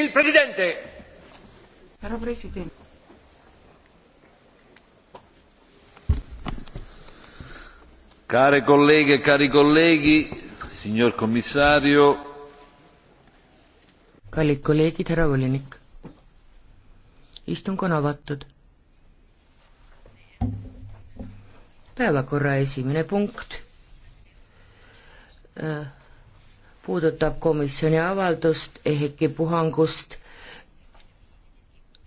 Il Presidente! Härra president. Care colleghe e cari colleghi, signor commissario. kallid kolleegid, härra volinik. istung on avatud. päevakorra esimene punkt äh puudutab komisjoni avaldust EHEC-i puhangust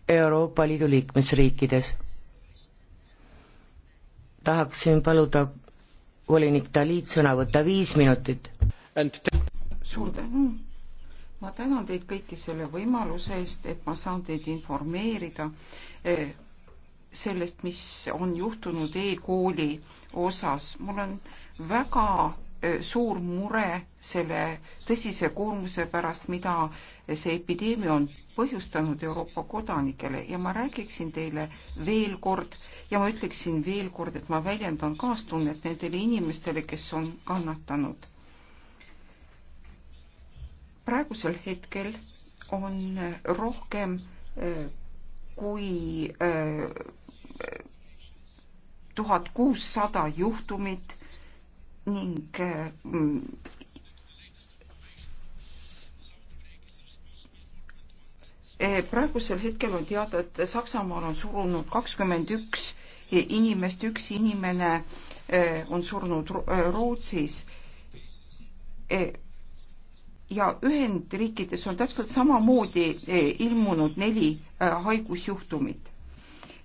Euroopa Liidu liikmesriikides. tahaksin paluda volinik Dalit sõna võtta viis minutit. suur tänu. ma tänan teid kõiki selle võimaluse eest, et ma saan teid informeerida eh, sellest, mis on juhtunud e-kooli osas. mul on väga Äh, suur mure selle tõsise koormuse pärast, mida see epideemia on põhjustanud Euroopa kodanikele ja ma räägiksin teile veel kord ja ma ütleksin veel kord, et ma väljendan kaastunnet nendele inimestele, kes on kannatanud. praegusel hetkel on rohkem äh, kui äh, tuhat kuussada juhtumit ning mm, eh, praegusel hetkel on teada, et Saksamaal on surunud kakskümmend üks inimest, üks inimene eh, on surnud eh, Rootsis. ja Ühendriikides on täpselt samamoodi ilmunud neli haigusjuhtumit.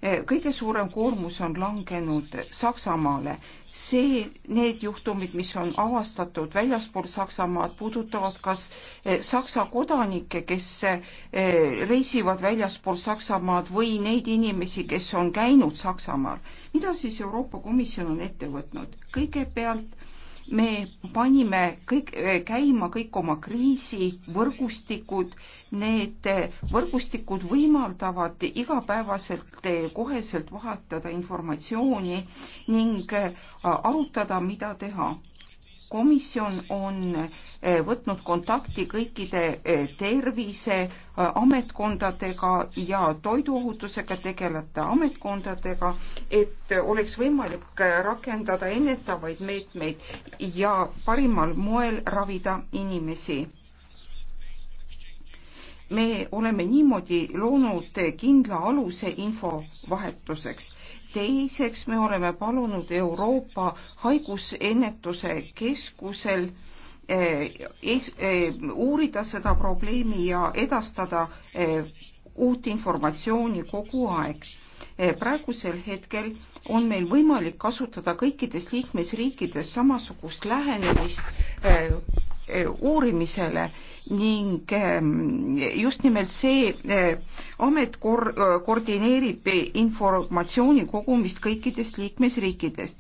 Eh, kõige suurem koormus on langenud Saksamaale. see, need juhtumid, mis on avastatud väljaspool Saksamaad, puudutavad kas eh, Saksa kodanikke, kes eh, reisivad väljaspool Saksamaad või neid inimesi, kes on käinud Saksamaal. mida siis Euroopa Komisjon on ette võtnud? kõigepealt me panime kõik eh, käima kõik oma kriisivõrgustikud, need eh, võrgustikud võimaldavad igapäevaselt eh, koheselt vahetada informatsiooni ning arutada, mida teha komisjon on eh, võtnud kontakti kõikide eh, terviseametkondadega eh, ja toiduohutusega tegelevate ametkondadega, et oleks võimalik rakendada ennetavaid meetmeid ja parimal moel ravida inimesi me oleme niimoodi loonud kindla aluse infovahetuseks. teiseks, me oleme palunud Euroopa Haigusennetuse Keskusel eh, es, eh, uurida seda probleemi ja edastada eh, uut informatsiooni kogu aeg. praegusel hetkel on meil võimalik kasutada kõikides liikmesriikides samasugust lähenemist Eh, uurimisele ning ehm, just nimelt see eh, amet kor-, koordineerib informatsiooni kogumist kõikidest liikmesriikidest.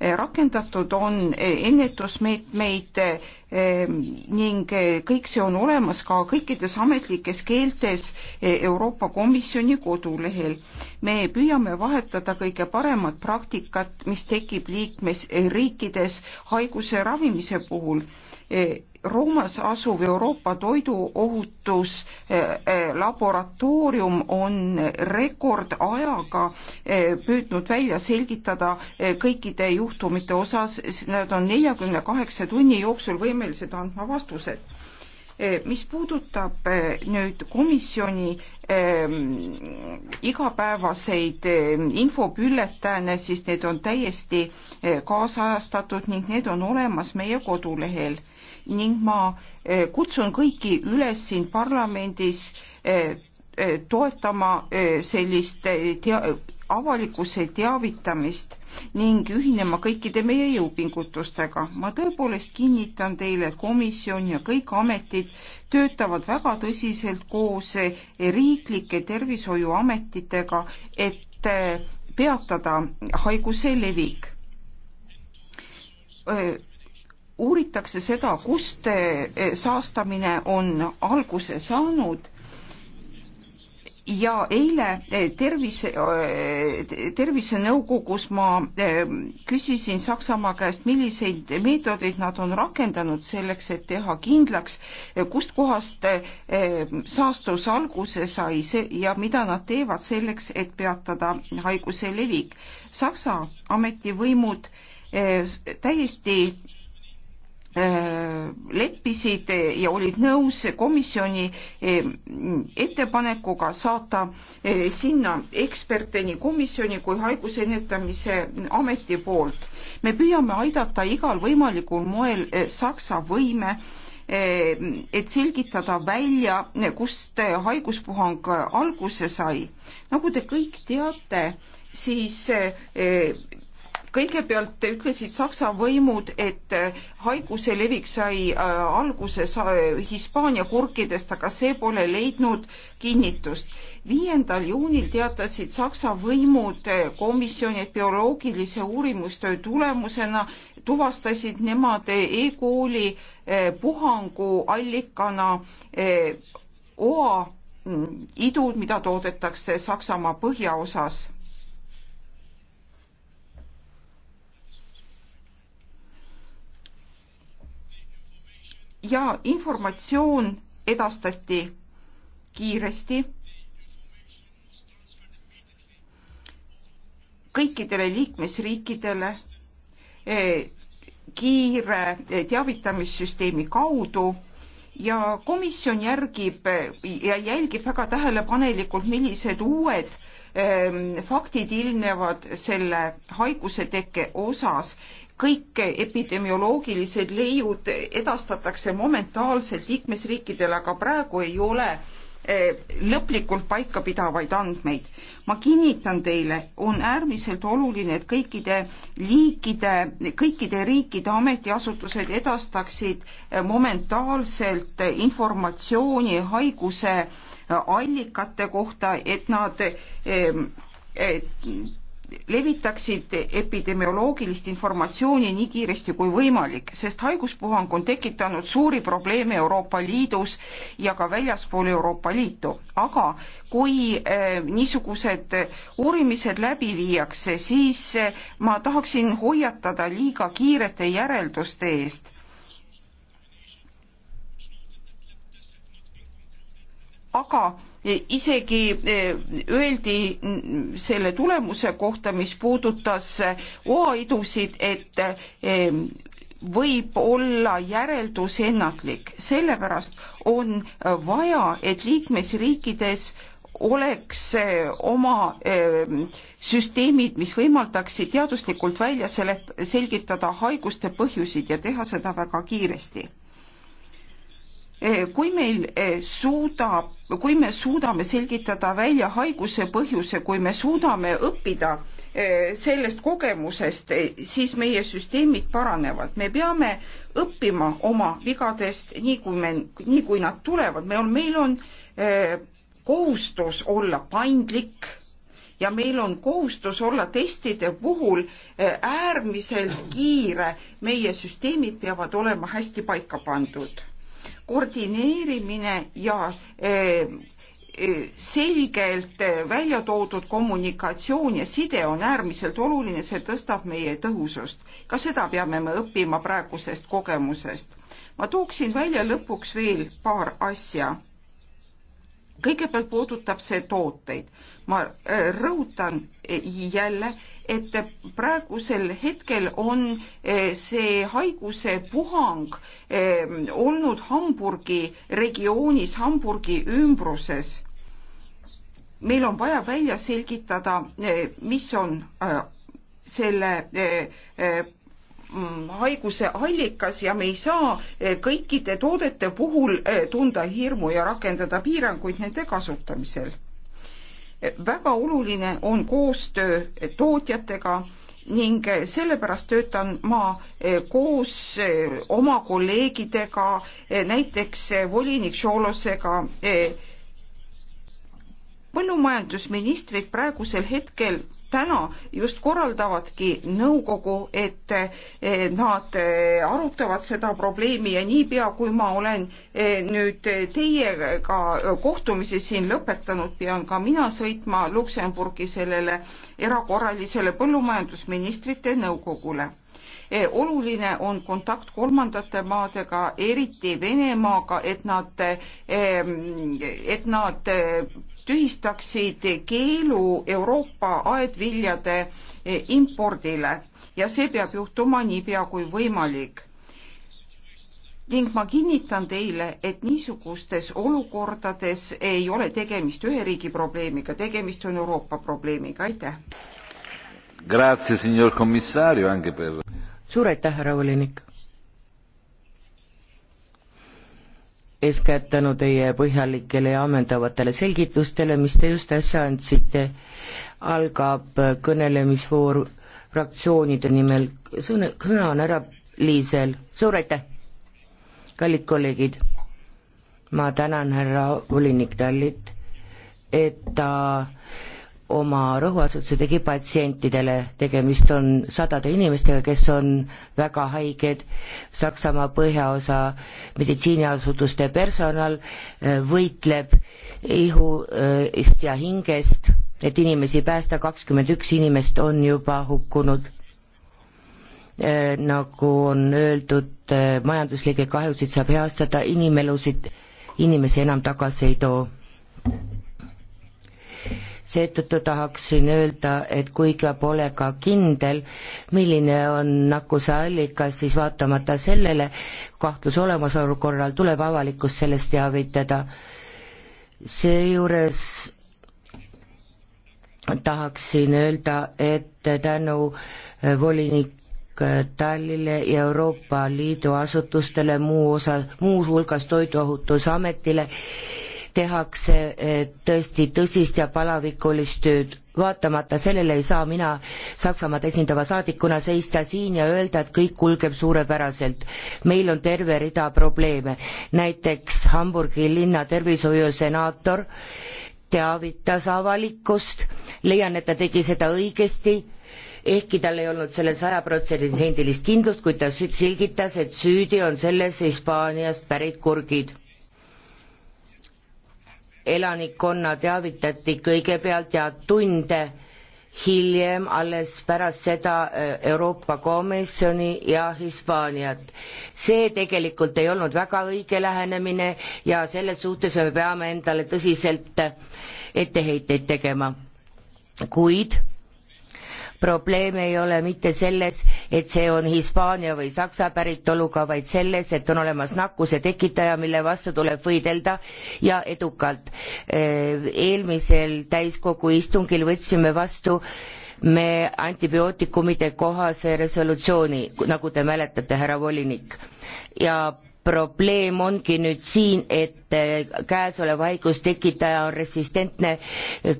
Eh, rakendatud on eh, ennetusmeetmeid eh, ning kõik see on olemas ka kõikides ametlikes keeltes Euroopa Komisjoni kodulehel. me püüame vahetada kõige paremat praktikat, mis tekib liikmesriikides haiguse ravimise puhul Roomas asuv Euroopa toiduohutuslaboratoorium on rekordajaga eh, püüdnud välja selgitada eh, kõikide juhtumite osas, nad on neljakümne kaheksa tunni jooksul võimelised andma vastused. Eh, mis puudutab nüüd komisjoni ehm, igapäevaseid infobülletääne, siis need on täiesti kaasajastatud ning need on olemas meie kodulehel ning ma eh, kutsun kõiki üles siin parlamendis eh, eh, toetama sellist tea avalikkuse teavitamist ning ühinema kõikide meie jõupingutustega. ma tõepoolest kinnitan teile, et komisjon ja kõik ametid töötavad väga tõsiselt koos riiklike tervishoiuametitega, et peatada haiguse levik uuritakse seda, kust eh, saastamine on alguse saanud ja eile eh, tervise, eh, tervisenõukogus ma küsisin Saksamaa käest, milliseid meetodeid nad on rakendanud selleks, et teha kindlaks, kustkohast saastus alguse sai see ja mida nad teevad selleks, et peatada haiguse levik. Saksa ametivõimud täiesti Äh, leppisid ja olid nõus komisjoni eh, ettepanekuga saata eh, sinna eksperte nii komisjoni kui haiguse ennetamise ameti poolt. me püüame aidata igal võimalikul moel eh, Saksa võime et selgitada välja, kust haiguspuhang alguse sai. nagu te kõik teate, siis kõigepealt ütlesid Saksa võimud, et äh, haiguse levik sai äh, alguse Hispaania kurkidest, aga see pole leidnud kinnitust. viiendal juunil teatasid Saksa võimud äh, komisjoni, et bioloogilise uurimustöö tulemusena tuvastasid nemad E-kooli puhangu allikana oa mm, idud, mida toodetakse Saksamaa põhjaosas ja informatsioon edastati kiiresti kõikidele liikmesriikidele eh, kiire teavitamissüsteemi kaudu ja komisjon järgib ja jälgib väga tähelepanelikult, millised uued eh, faktid ilmnevad selle haiguse tekke osas kõik epidemioloogilised leiud edastatakse momentaalselt liikmesriikidele, aga praegu ei ole eh, lõplikult paikapidavaid andmeid. ma kinnitan teile, on äärmiselt oluline, et kõikide liikide, kõikide riikide ametiasutused edastaksid eh, momentaalselt eh, informatsiooni haiguse allikate kohta, et nad et levitaksid epidemioloogilist informatsiooni nii kiiresti kui võimalik, sest haiguspuhang on tekitanud suuri probleeme Euroopa Liidus ja ka väljaspool Euroopa Liitu. aga kui äh, niisugused uurimised läbi viiakse, siis äh, ma tahaksin hoiatada liiga kiirete järelduste eest. aga isegi eh, öeldi selle tulemuse kohta, mis puudutas eh, oaidusid, et eh, võib olla järeldus ennatlik, sellepärast on vaja, et liikmesriikides oleks oma süsteemid, mis võimaldaksid teaduslikult välja selet-, selgitada haiguste põhjusid ja teha seda väga kiiresti Eh, kui meil eh, suudab, kui me suudame selgitada välja haiguse põhjuse, kui me suudame õppida eh, sellest kogemusest, siis meie süsteemid paranevad. me peame õppima oma vigadest, nii kui me, nii kui nad tulevad, me on, meil on kohustus olla paindlik ja meil on kohustus olla testide puhul äärmiselt kiire. meie süsteemid peavad olema hästi paika pandud koordineerimine ja eh, eh, selgelt eh, välja toodud kommunikatsioon ja side on äärmiselt oluline, see tõstab meie tõhusust. ka seda peame me õppima praegusest kogemusest. ma tooksin välja lõpuks veel paar asja. kõigepealt puudutab see tooteid. ma rõhutan jälle, et praegusel hetkel on eh, see haiguse puhang eh, olnud Hamburgi regioonis, Hamburgi ümbruses. meil on vaja välja selgitada, eh, mis on selle mm, haiguse allikas ja me ei saa kõikide toodete puhul tunda hirmu ja rakendada piiranguid nende kasutamisel väga oluline on koostöö tootjatega ning sellepärast töötan ma eh, koos eh, oma kolleegidega, eh, näiteks volinik Šolosega. põllumajandusministrid praegusel hetkel täna just korraldavadki nõukogu, et nad arutavad seda probleemi ja niipea, kui ma olen e, nüüd teiega kohtumise siin lõpetanud, pean ka mina sõitma Luksemburgi sellele erakorralisele põllumajandusministrite nõukogule Eh, oluline on kontakt kolmandate maadega, eriti Venemaaga, et nad, ehm, et nad eh, tühistaksid keelu Euroopa aedviljade eh, impordile ja see peab juhtuma niipea kui võimalik ning ma kinnitan teile, et niisugustes olukordades ei ole tegemist ühe riigi probleemiga, tegemist on Euroopa probleemiga, aitäh. Grazie, signor commissario, anche per suur aitäh, härra volinik! eeskätt tänu teie põhjalikele ja ammendavatele selgitustele, mis te just äsja andsite, algab kõnelemisvoor fraktsioonide nimel, sõna, sõna on härra Liisel, suur aitäh! kallid kolleegid, ma tänan härra volinik Tallit, et ta äh, oma rõhuasetuse tegi patsientidele, tegemist on sadade inimestega, kes on väga haiged, Saksamaa põhjaosa meditsiiniasutuste personal äh, võitleb ihust äh, ja hingest, et inimesi päästa, kakskümmend üks inimest on juba hukkunud. Äh, nagu on öeldud, majanduslikke kahjusid saab heastada, inimelusid inimesi enam tagasi ei too seetõttu tahaksin öelda, et kuigi pole ka kindel, milline on nakkuse allikas, siis vaatamata sellele kahtluse olemasolu korral tuleb avalikkust sellest teavitada. seejuures tahaksin öelda, et tänu volinik Tallile ja Euroopa Liidu asutustele, muu osa, muuhulgas Toiduohutusametile, tehakse tõesti tõsist ja palavikulist tööd. vaatamata sellele ei saa mina Saksamaad esindava saadikuna seista siin ja öelda, et kõik kulgeb suurepäraselt. meil on terve rida probleeme, näiteks Hamburgi linna tervishoiusenaator teavitas avalikkust, leian, et ta tegi seda õigesti, ehkki tal ei olnud selle sajaprotsendilist kindlust, kuid ta selgitas, et süüdi on selles Hispaaniast pärit kurgid elanikkonna teavitati kõigepealt ja tunde hiljem, alles pärast seda äh, Euroopa Komisjoni ja Hispaaniat. see tegelikult ei olnud väga õige lähenemine ja selles suhtes me peame endale tõsiselt etteheiteid tegema. kuid probleem ei ole mitte selles, et see on Hispaania või Saksa päritoluga, vaid selles, et on olemas nakkuse tekitaja, mille vastu tuleb võidelda ja edukalt. Äh, eelmisel täiskogu istungil võtsime vastu me antibiootikumide kohase resolutsiooni, nagu te mäletate, härra volinik. ja probleem ongi nüüd siin, et eh, käesolev haigus tekitaja on resistentne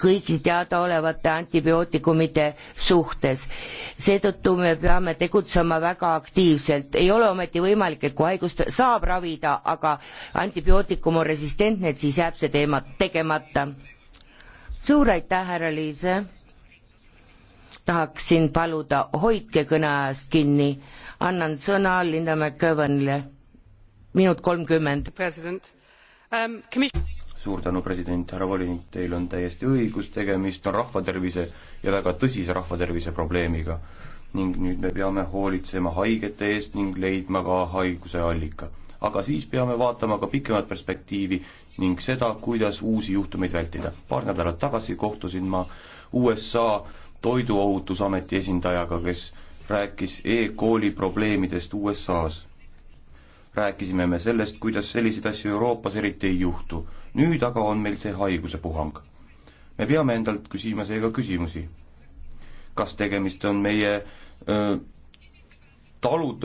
kõigi teadaolevate antibiootikumide suhtes. seetõttu me peame tegutsema väga aktiivselt, ei ole ometi võimalik, et kui haigust saab ravida, aga antibiootikum on resistentne, et siis jääb see teema tegemata. suur aitäh, härra Liise! tahaksin paluda, hoidke kõneajast kinni. annan sõna Linda McEvanile minut kolmkümmend. Um, suur tänu, president, härra volinik, teil on täiesti õigus, tegemist on rahvatervise ja väga tõsise rahvatervise probleemiga. ning nüüd me peame hoolitsema haigete eest ning leidma ka haiguse allika. aga siis peame vaatama ka pikemat perspektiivi ning seda, kuidas uusi juhtumeid vältida. paar nädalat tagasi kohtusin ma USA toiduohutusameti esindajaga, kes rääkis e-kooli probleemidest USA-s rääkisime me sellest, kuidas selliseid asju Euroopas eriti ei juhtu. nüüd aga on meil see haiguse puhang. me peame endalt küsima seega küsimusi. kas tegemist on meie öö, talud,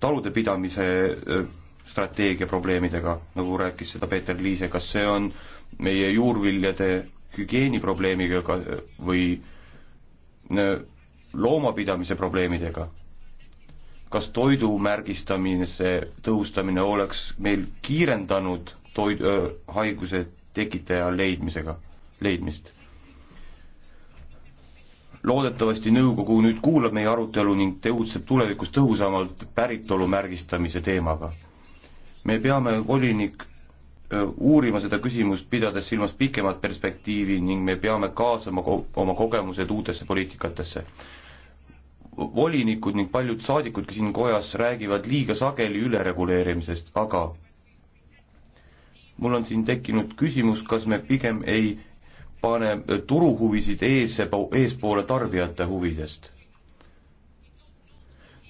talude pidamise öö, strateegia probleemidega, nagu rääkis seda Peeter Liise, kas see on meie juurviljade hügieeniprobleemiga ka või loomapidamise probleemidega? kas toidu märgistamise tõhustamine oleks meil kiirendanud toid- äh,, haiguse tekitaja leidmisega, leidmist? loodetavasti nõukogu nüüd kuulab meie arutelu ning tegutseb tulevikus tõhusamalt päritolu märgistamise teemaga. me peame, volinik, uurima seda küsimust, pidades silmas pikemat perspektiivi ning me peame kaasama ko oma kogemused uutesse poliitikatesse volinikud ning paljud saadikud ka siin kojas räägivad liiga sageli ülereguleerimisest, aga mul on siin tekkinud küsimus, kas me pigem ei pane turuhuvisid ees, eespoole tarbijate huvidest.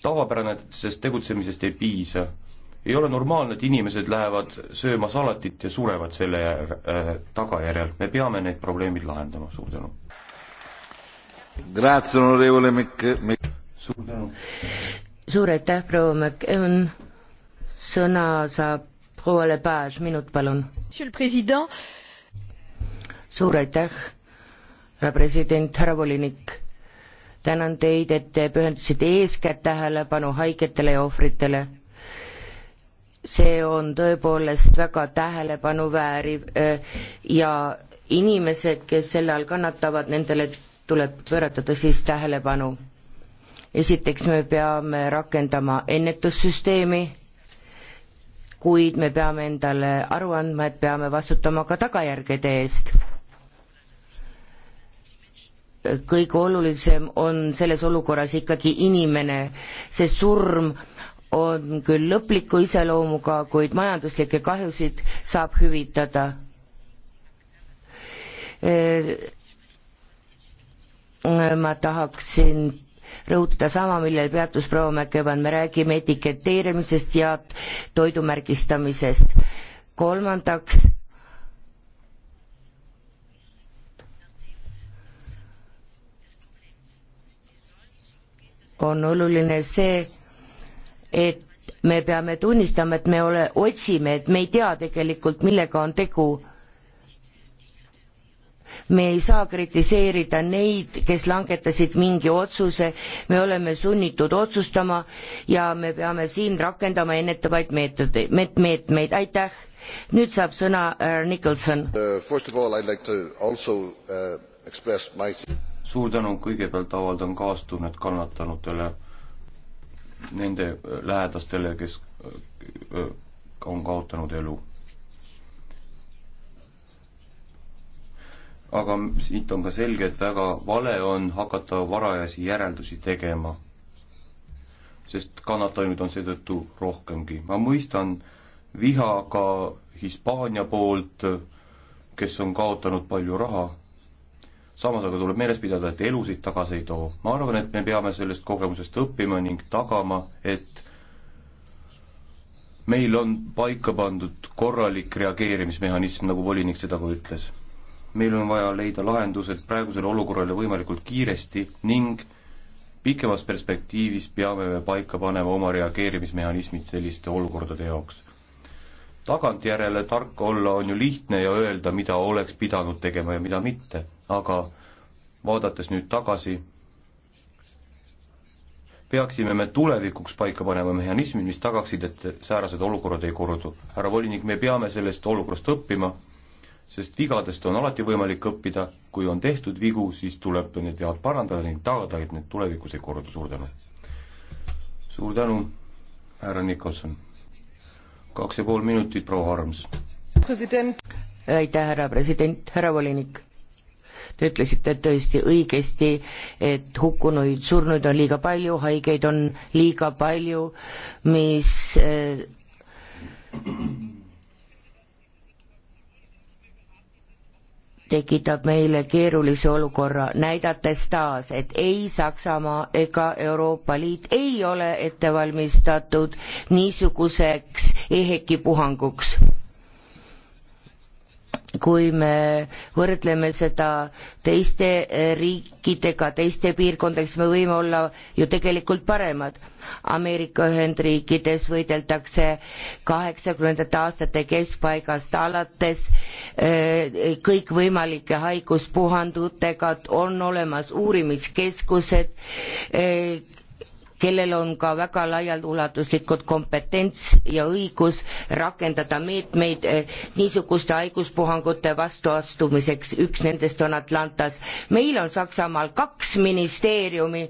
tavapärasest tegutsemisest ei piisa. ei ole normaalne, et inimesed lähevad sööma salatit ja surevad selle äh, tagajärjel. me peame need probleemid lahendama, suur tänu suur tänu. suur aitäh, proua McEwan. sõna saab proua Lepage, minut palun. suur aitäh, härra president, härra volinik. tänan teid, et te pühendasite eeskätt tähelepanu haigetele ja ohvritele see on tõepoolest väga tähelepanu vääriv äh, ja inimesed, kes selle all kannatavad, nendele tuleb pööratada siis tähelepanu. esiteks me peame rakendama ennetussüsteemi, kuid me peame endale aru andma, et peame vastutama ka tagajärgede eest. kõige olulisem on selles olukorras ikkagi inimene, see surm on küll lõpliku iseloomuga, kuid majanduslikke kahjusid saab hüvitada ma tahaksin rõhutada sama, millel peatus proua Mäkevan, me räägime etiketeerimisest ja toidu märgistamisest. kolmandaks, on oluline see, et me peame tunnistama, et me ole, otsime, et me ei tea tegelikult, millega on tegu me ei saa kritiseerida neid, kes langetasid mingi otsuse, me oleme sunnitud otsustama ja me peame siin rakendama ennetavaid meetodeid, meet-, meetmeid, aitäh. nüüd saab sõna härra äh, Nicholson uh,. Like also, uh, my... suur tänu, kõigepealt avaldan kaastunnet kannatanutele, nende äh, lähedastele, kes äh, on kaotanud elu aga siit on ka selge, et väga vale on hakata varajasi järeldusi tegema. sest kannatanuid on seetõttu rohkemgi. ma mõistan viha ka Hispaania poolt, kes on kaotanud palju raha, samas aga tuleb meeles pidada, et elusid tagasi ei too. ma arvan, et me peame sellest kogemusest õppima ning tagama, et meil on paika pandud korralik reageerimismehhanism, nagu volinik seda ka ütles meil on vaja leida lahendused praegusele olukorrale võimalikult kiiresti ning pikemas perspektiivis peame me paika panema oma reageerimismehhanismid selliste olukordade jaoks. tagantjärele tark olla on ju lihtne ja öelda, mida oleks pidanud tegema ja mida mitte, aga vaadates nüüd tagasi, peaksime me tulevikuks paika panema mehhanismid, mis tagaksid, et säärased olukorrad ei kordu. härra volinik, me peame sellest olukorrast õppima sest vigadest on alati võimalik õppida, kui on tehtud vigu, siis tuleb need vead parandada ning tagada, et need tulevikus ei kordu, suur tänu. suur tänu, härra Nikolson. kaks ja pool minutit, proua Harms. aitäh, härra president, härra volinik. Te ütlesite tõesti õigesti, et hukkunuid, surnuid on liiga palju, haigeid on liiga palju, mis äh, tekitab meile keerulise olukorra, näidates taas, et ei Saksamaa ega Euroopa Liit ei ole ette valmistatud niisuguseks EHEC-i puhanguks kui me võrdleme seda teiste eh, riikidega, teiste piirkondadega, siis me võime olla ju tegelikult paremad. Ameerika Ühendriikides võideldakse kaheksakümnendate aastate keskpaigast alates eh, kõikvõimalike haiguspuhangutega, on olemas uurimiskeskused, eh, kellel on ka väga laialdulatuslikud kompetents ja õigus rakendada meetmeid eh, niisuguste haiguspuhangute vastuastumiseks, üks nendest on Atlantas. meil on Saksamaal kaks ministeeriumi,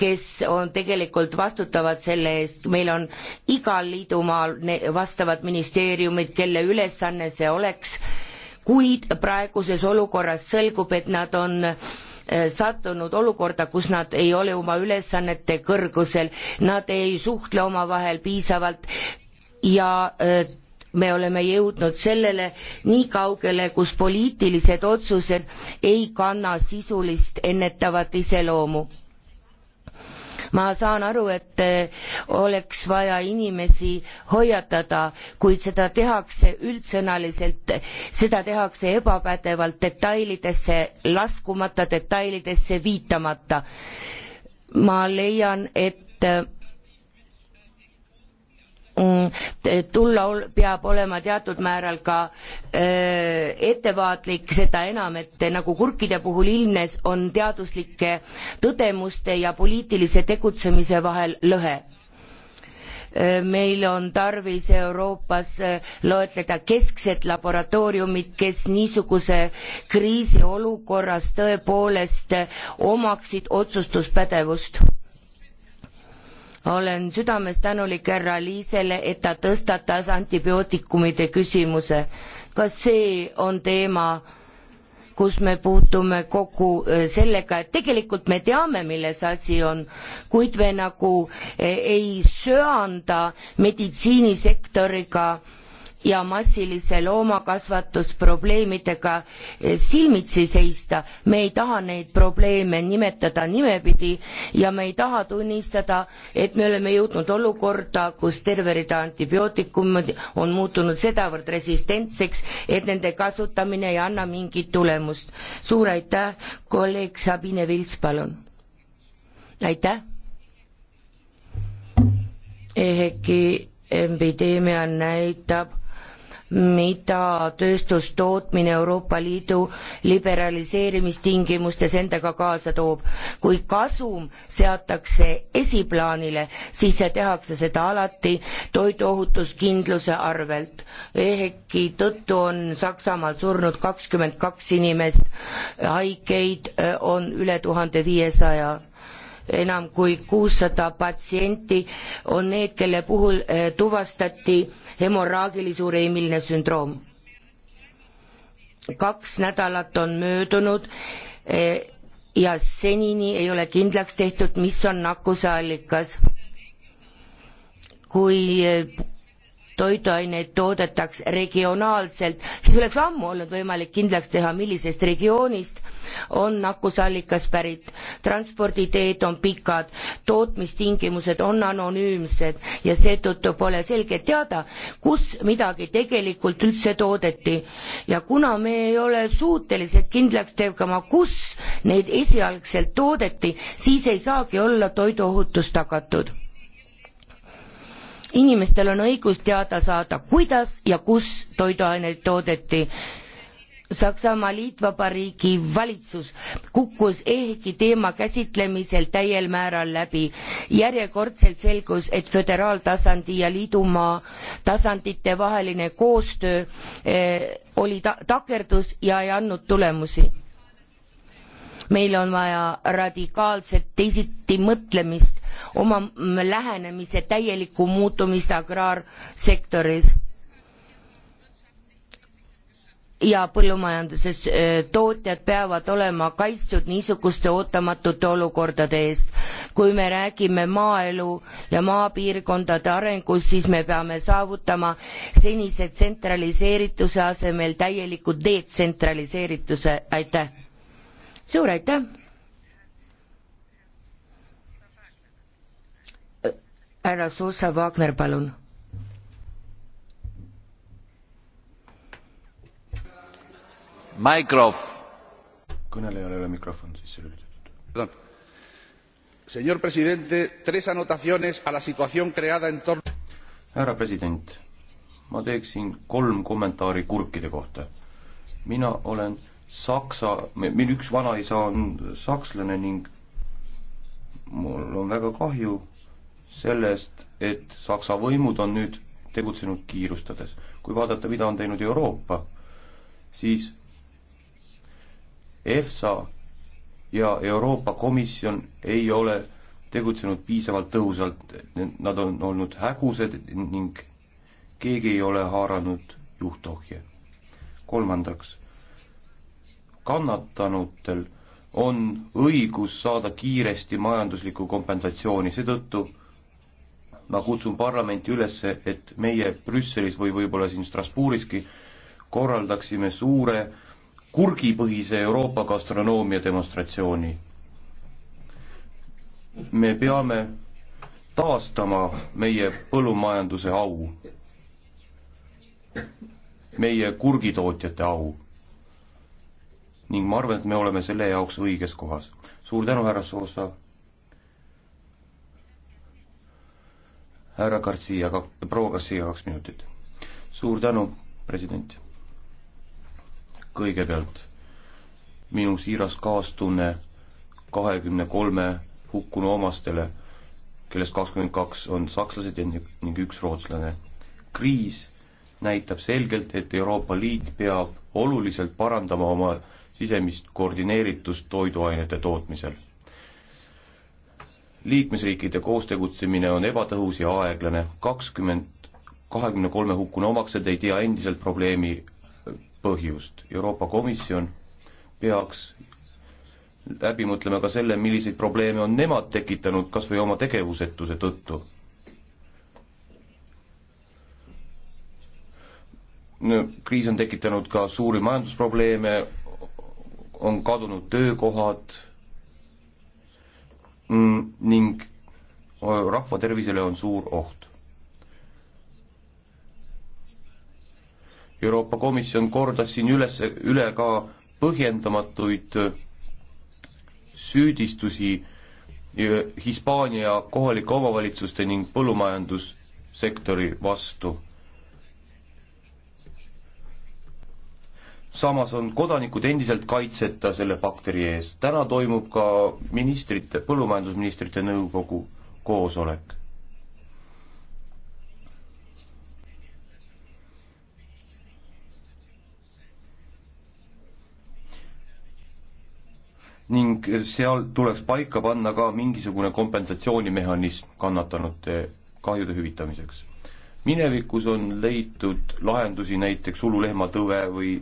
kes on tegelikult vastutavad selle eest, meil on igal liidumaal vastavad ministeeriumid, kelle ülesanne see oleks, kuid praeguses olukorras selgub, et nad on Eh, sattunud olukorda, kus nad ei ole oma ülesannete kõrgusel, nad ei suhtle omavahel piisavalt ja eh, me oleme jõudnud sellele nii kaugele, kus poliitilised otsused ei kanna sisulist ennetavat iseloomu ma saan aru, et oleks vaja inimesi hoiatada, kuid seda tehakse üldsõnaliselt, seda tehakse ebapädevalt, detailidesse laskumata, detailidesse viitamata. ma leian, et Mm, tulla, peab olema teatud määral ka äh, ettevaatlik, seda enam, et nagu kurkide puhul ilmnes, on teaduslike tõdemuste ja poliitilise tegutsemise vahel lõhe äh, meil on tarvis Euroopas äh, loetleda kesksed laboratooriumid, kes niisuguse kriisiolukorras tõepoolest omaksid otsustuspädevust olen südamest tänulik härra Liisele, et ta tõstatas antibiootikumide küsimuse. kas see on teema, kus me puutume kokku äh, sellega, et tegelikult me teame, milles asi on, kuid me nagu äh, ei söanda meditsiinisektoriga ja massilise loomakasvatusprobleemidega eh, silmitsi seista me ei taha neid probleeme nimetada nimepidi ja me ei taha tunnistada et me oleme jõudnud olukorda kus terve rida antibiootikume on muutunud sedavõrd resistentseks et nende kasutamine ei anna mingit tulemust suur aitäh kolleeg sabine vilts palun aitäh ehkki epideemia näitab, mida tööstustootmine Euroopa Liidu liberaliseerimistingimustes endaga kaasa toob. kui kasum seatakse esiplaanile, siis see tehakse seda alati toiduohutuskindluse arvelt. ehkki tõttu on Saksamaal surnud kakskümmend kaks inimest, haigeid eh, on üle tuhande viiesaja enam kui kuussada patsienti on need, kelle puhul eh, tuvastati hemorraagilise ureemiline sündroom. kaks nädalat on möödunud eh, ja senini ei ole kindlaks tehtud, mis on nakkuse allikas. kui eh, toiduaineid toodetaks regionaalselt, siis oleks ammu olnud võimalik kindlaks teha, millisest regioonist on nakkusallikas pärit. transporditeed on pikad, tootmistingimused on anonüümsed ja seetõttu pole selge teada, kus midagi tegelikult üldse toodeti. ja kuna me ei ole suutelised kindlaks tegema, kus neid esialgselt toodeti, siis ei saagi olla toiduohutus tagatud inimestel on õigus teada saada, kuidas ja kus toiduaineid toodeti. Saksamaa Liitvabariigi valitsus kukkus ehkki teema käsitlemisel täiel määral läbi. järjekordselt selgus, et föderaaltasandi ja liidumaa tasandite vaheline koostöö eh, oli ta-, takerdus ja ei andnud tulemusi meil on vaja radikaalset teisiti mõtlemist, oma lähenemise täielikku muutumist agraarsektoris ja põllumajanduses äh, tootjad peavad olema kaitstud niisuguste ootamatute olukordade eest. kui me räägime maaelu ja maapiirkondade arengust, siis me peame saavutama senise tsentraliseerituse asemel täieliku detsentraliseerituse, aitäh suur aitäh! härra Zusa Wagner, palun. Microf. kõnelejal ei ole mikrofon sisse lülitatud. Señor presidente, tres anotaciones a la situación creada en torno. härra president, ma teeksin kolm kommentaari kurkide kohta. mina olen Saksa, meil üks vanaisa on sakslane ning mul on väga kahju sellest, et Saksa võimud on nüüd tegutsenud kiirustades. kui vaadata, mida on teinud Euroopa, siis EFSA ja Euroopa Komisjon ei ole tegutsenud piisavalt tõhusalt, nad on olnud hägused ning keegi ei ole haaranud juhtohje. kolmandaks kannatanutel on õigus saada kiiresti majanduslikku kompensatsiooni, seetõttu ma kutsun parlamenti üles, et meie Brüsselis või võib-olla siin Strasbourgiski korraldaksime suure kurgipõhise Euroopa gastronoomia demonstratsiooni. me peame taastama meie põllumajanduse au, meie kurgitootjate au ning ma arvan, et me oleme selle jaoks õiges kohas. suur tänu, härra Soosa. härra Garcia, proua Garcia, kaks minutit. suur tänu, president. kõigepealt minu siiras kaastunne kahekümne kolme hukkunu omastele, kellest kakskümmend kaks on sakslased ning üks rootslane. kriis näitab selgelt, et Euroopa Liit peab oluliselt parandama oma sisemist koordineeritust toiduainete tootmisel. liikmesriikide koostegutsemine on ebatõhus ja aeglane, kakskümmend, kahekümne kolme hukkunu omaksed ei tea endiselt probleemi äh, põhjust. Euroopa Komisjon peaks läbi mõtlema ka selle, milliseid probleeme on nemad tekitanud kas või oma tegevusetuse tõttu kriis on tekitanud ka suuri majandusprobleeme, on kadunud töökohad mm, ning rahva tervisele on suur oht. Euroopa Komisjon kordas siin üles, üle ka põhjendamatuid süüdistusi Hispaania kohalike omavalitsuste ning põllumajandussektori vastu samas on kodanikud endiselt kaitseta selle bakteri ees. täna toimub ka ministrite, põllumajandusministrite nõukogu koosolek. ning seal tuleks paika panna ka mingisugune kompensatsioonimehhanism kannatanute kahjude hüvitamiseks minevikus on leitud lahendusi näiteks ululehmatõve või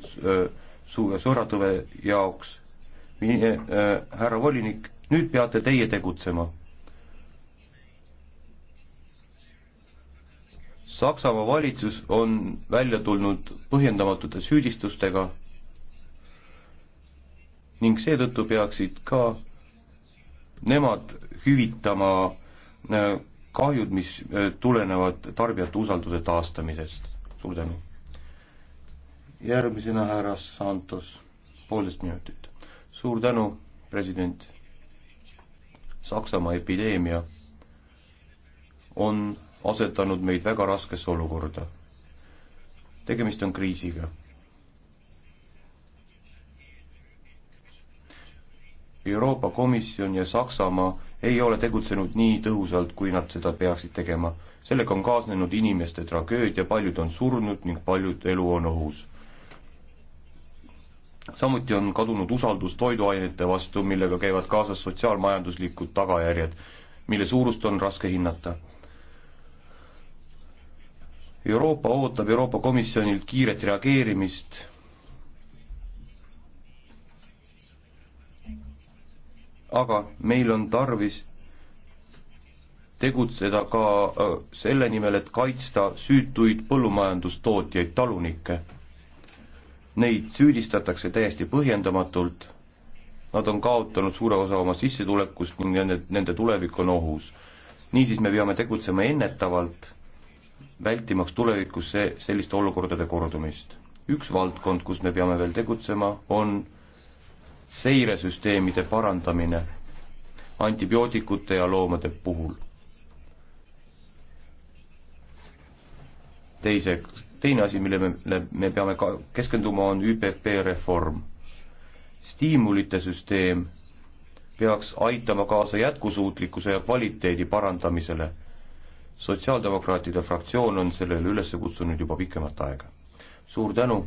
suure sõratõve jaoks. mine äh,, härra volinik, nüüd peate teie tegutsema. Saksamaa valitsus on välja tulnud põhjendamatute süüdistustega ning seetõttu peaksid ka nemad hüvitama äh, kahjud, mis äh, tulenevad tarbijate usalduse taastamisest. suur tänu. järgmisena härra Santos, poolteist minutit. suur tänu, president. Saksamaa epideemia on asetanud meid väga raskesse olukorda. tegemist on kriisiga. Euroopa Komisjon ja Saksamaa ei ole tegutsenud nii tõhusalt, kui nad seda peaksid tegema. sellega on kaasnenud inimeste tragöödia, paljud on surnud ning paljud elu on ohus. samuti on kadunud usaldus toiduainete vastu, millega käivad kaasas sotsiaalmajanduslikud tagajärjed, mille suurust on raske hinnata. Euroopa ootab Euroopa Komisjonilt kiiret reageerimist aga meil on tarvis tegutseda ka äh, selle nimel, et kaitsta süütuid põllumajandustootjaid, talunikke. Neid süüdistatakse täiesti põhjendamatult, nad on kaotanud suure osa oma sissetulekust ning nende, nende tulevik on ohus. niisiis me peame tegutsema ennetavalt, vältimaks tulevikus see, selliste olukordade kordumist. üks valdkond, kus me peame veel tegutsema, on seiresüsteemide parandamine antibiootikute ja loomade puhul. teise, teine asi, millele me, me peame ka keskenduma, on ÜPP reform. stiimulite süsteem peaks aitama kaasa jätkusuutlikkuse ja kvaliteedi parandamisele. sotsiaaldemokraatide fraktsioon on sellele üles kutsunud juba pikemat aega. suur tänu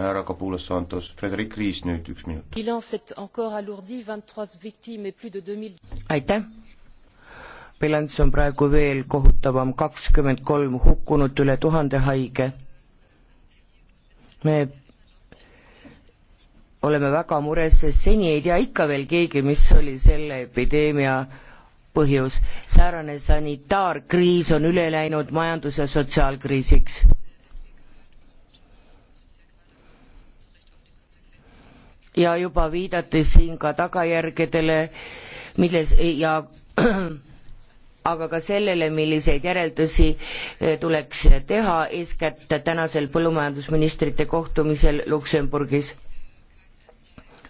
härra Kabulas Santos, Frederik Riis nüüd üks minut. aitäh. bilanss on praegu veel kohutavam, kakskümmend kolm hukkunut, üle tuhande haige. me oleme väga mures, sest seni ei tea ikka veel keegi, mis oli selle epideemia põhjus. säärane sanitaarkriis on üle läinud majandus- ja sotsiaalkriisiks ja juba viidati siin ka tagajärgedele, milles ja aga ka sellele, milliseid järeldusi eh, tuleks teha, eeskätt tänasel põllumajandusministrite kohtumisel Luksemburgis.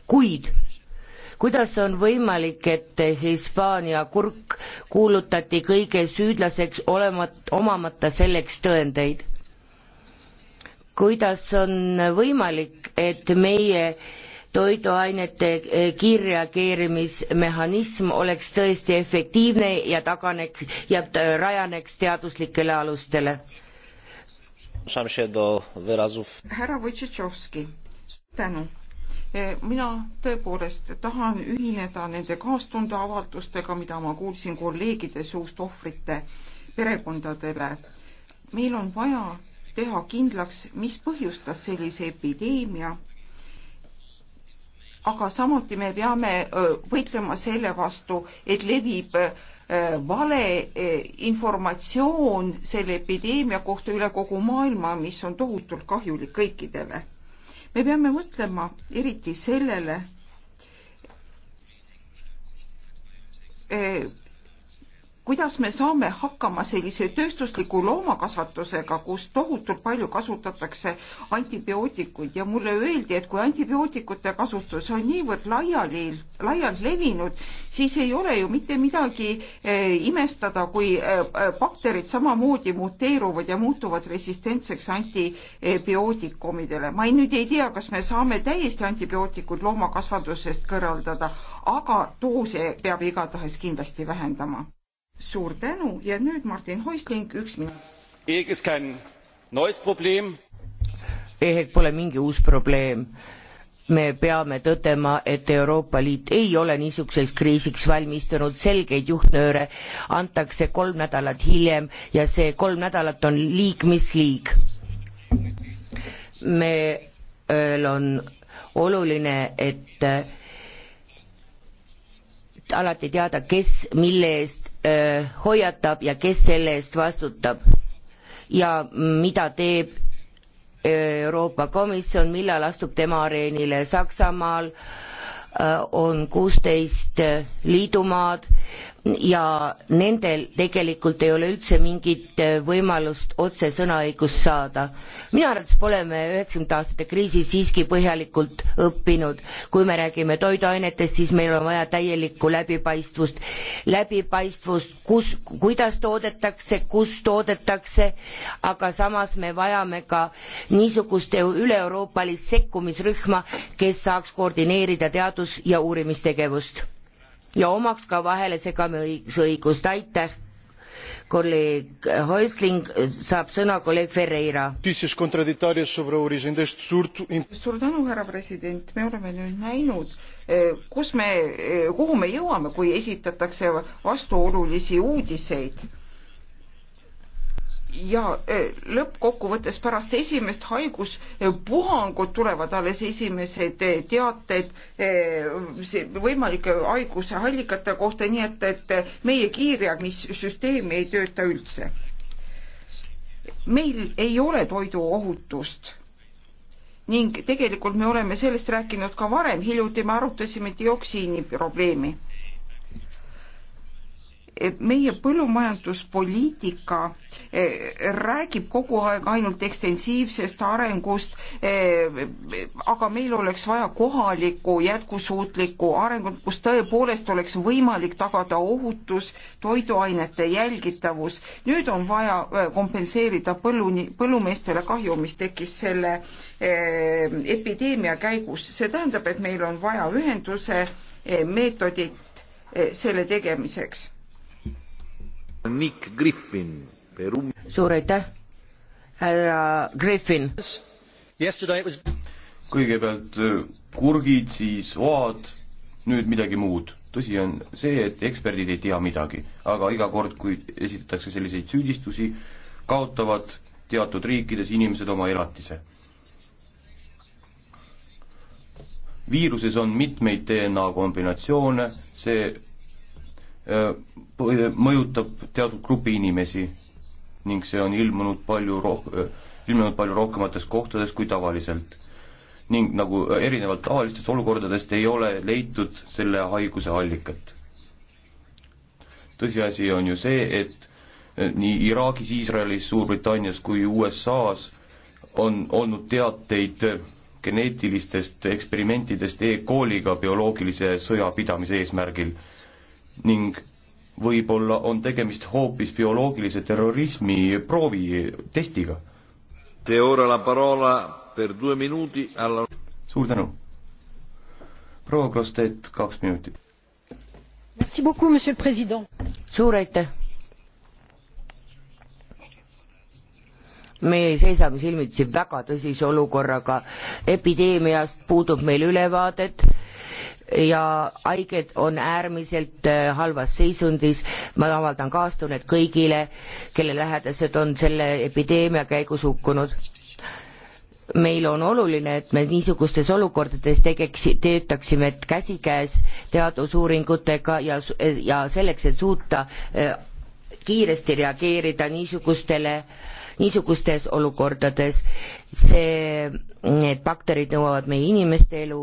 kuid kuidas on võimalik, et Hispaania kurk kuulutati kõige süüdlaseks olemat, omamata selleks tõendeid? kuidas on võimalik, et meie toiduainete eh, kiirreageerimismehhanism oleks tõesti efektiivne ja taganeks ja äh, rajaneks teaduslikele alustele. härra Wojtšetšovski, tänu eh, mina tõepoolest tahan ühineda nende kaastunde avaldustega, mida ma kuulsin kolleegide suust ohvrite perekondadele. meil on vaja teha kindlaks, mis põhjustas sellise epideemia aga samuti me peame võitlema selle vastu, et levib vale informatsioon selle epideemia kohta üle kogu maailma, mis on tohutult kahjulik kõikidele. me peame mõtlema eriti sellele, kuidas me saame hakkama sellise tööstusliku loomakasvatusega, kus tohutult palju kasutatakse antibiootikuid ja mulle öeldi, et kui antibiootikute kasutus on niivõrd laiali, laialt levinud, siis ei ole ju mitte midagi eh, imestada, kui eh, eh, bakterid samamoodi muteeruvad ja muutuvad resistentseks antibiootikumidele. ma ei, nüüd ei tea, kas me saame täiesti antibiootikud loomakasvatusest kõrvaldada, aga doose peab igatahes kindlasti vähendama suur tänu ja nüüd Martin Hoisting, üks minut. ehk pole mingi uus probleem me peame tõdema, et Euroopa Liit ei ole niisuguseks kriisiks valmistunud, selgeid juhtnööre antakse kolm nädalat hiljem ja see kolm nädalat on liig mis liig. meil on oluline, et et alati teada, kes mille eest öö, hoiatab ja kes selle eest vastutab ja mida teeb Euroopa Komisjon, millal astub tema areenile Saksamaal, on kuusteist liidumaad ja nendel tegelikult ei ole üldse mingit äh, võimalust otse sõnaõigust saada. minu arvates pole me üheksakümnendate aastate kriisi siiski põhjalikult õppinud. kui me räägime toiduainetest, siis meil on vaja täielikku läbipaistvust, läbipaistvust, kus, kuidas toodetakse, kus toodetakse, aga samas me vajame ka niisugust üle-euroopalist sekkumisrühma, kes saaks koordineerida teadus- ja uurimistegevust ja omaks ka vahele segamisõigust, aitäh. kolleeg Häusling saab sõna kolleeg Ferreira. suur tänu, härra president, me oleme nüüd näinud, eh, kus me, eh, kuhu me jõuame, kui esitatakse vastuolulisi uudiseid ja e, lõppkokkuvõttes pärast esimest haiguspuhangut tulevad alles esimesed e, teated e, võimalike haiguse allikate kohta, nii et, et meie kiirreagemissüsteem ei tööta üldse. meil ei ole toiduohutust ning tegelikult me oleme sellest rääkinud ka varem, hiljuti me arutasime dioksiini probleemi meie põllumajanduspoliitika eh, räägib kogu aeg ainult ekstensiivsest arengust, eh, aga meil oleks vaja kohalikku jätkusuutlikku arengut, kus tõepoolest oleks võimalik tagada ohutus, toiduainete jälgitavus. nüüd on vaja eh, kompenseerida põlluni, põllumeestele kahju, mis tekkis selle epideemia käigus. see tähendab, et meil on vaja ühenduse meetodit selle tegemiseks Nick Griffin Peru. suur aitäh, härra Griffin. Was... kõigepealt äh, kurgid, siis oad, nüüd midagi muud. tõsi on see, et eksperdid ei tea midagi, aga iga kord, kui esitatakse selliseid süüdistusi, kaotavad teatud riikides inimesed oma elatise. viiruses on mitmeid DNA kombinatsioone, see Äh, mõjutab teatud grupi inimesi ning see on ilmunud palju roh-, äh, ilmunud palju rohkemates kohtades kui tavaliselt. ning nagu erinevalt tavalistest olukordadest ei ole leitud selle haiguse allikat. tõsiasi on ju see, et äh, nii Iraagis, Iisraelis, Suurbritannias kui USA-s on olnud teateid geneetilistest eksperimentidest E. coliga bioloogilise sõja pidamise eesmärgil ning võib-olla on tegemist hoopis bioloogilise terrorismi proovi testiga. Alla... suur tänu. proua Krostet, kaks minutit. suur aitäh. me seisame silmitsi väga tõsise olukorraga, epideemiast puudub meil ülevaadet ja haiged on äärmiselt äh, halvas seisundis. ma avaldan kaastunnet kõigile, kelle lähedased on selle epideemia käigus hukkunud meil on oluline, et me niisugustes olukordades tegeks, töötaksime käsikäes teadusuuringutega ja, ja selleks, et suuta äh, kiiresti reageerida niisugustele, niisugustes olukordades, see, need bakterid nõuavad meie inimeste elu,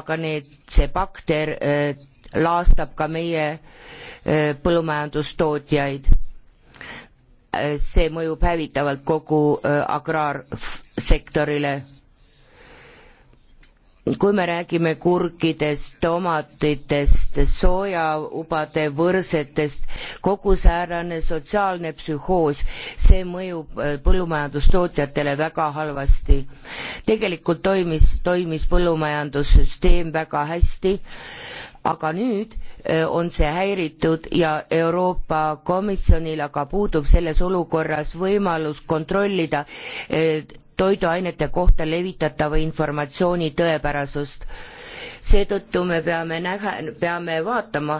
aga need, see bakter äh, laastab ka meie äh, põllumajandustootjaid äh,. see mõjub hävitavalt kogu äh, agraarsektorile kui me räägime kurkidest, tomatitest, soojaubade, võrsetest, kogu säärane sotsiaalne psühhoos, see mõjub äh, põllumajandustootjatele väga halvasti. tegelikult toimis, toimis põllumajandussüsteem väga hästi, aga nüüd äh, on see häiritud ja Euroopa Komisjonil aga puudub selles olukorras võimalus kontrollida äh, toiduainete kohta levitatava informatsiooni tõepärasust. seetõttu me peame näha, peame vaatama,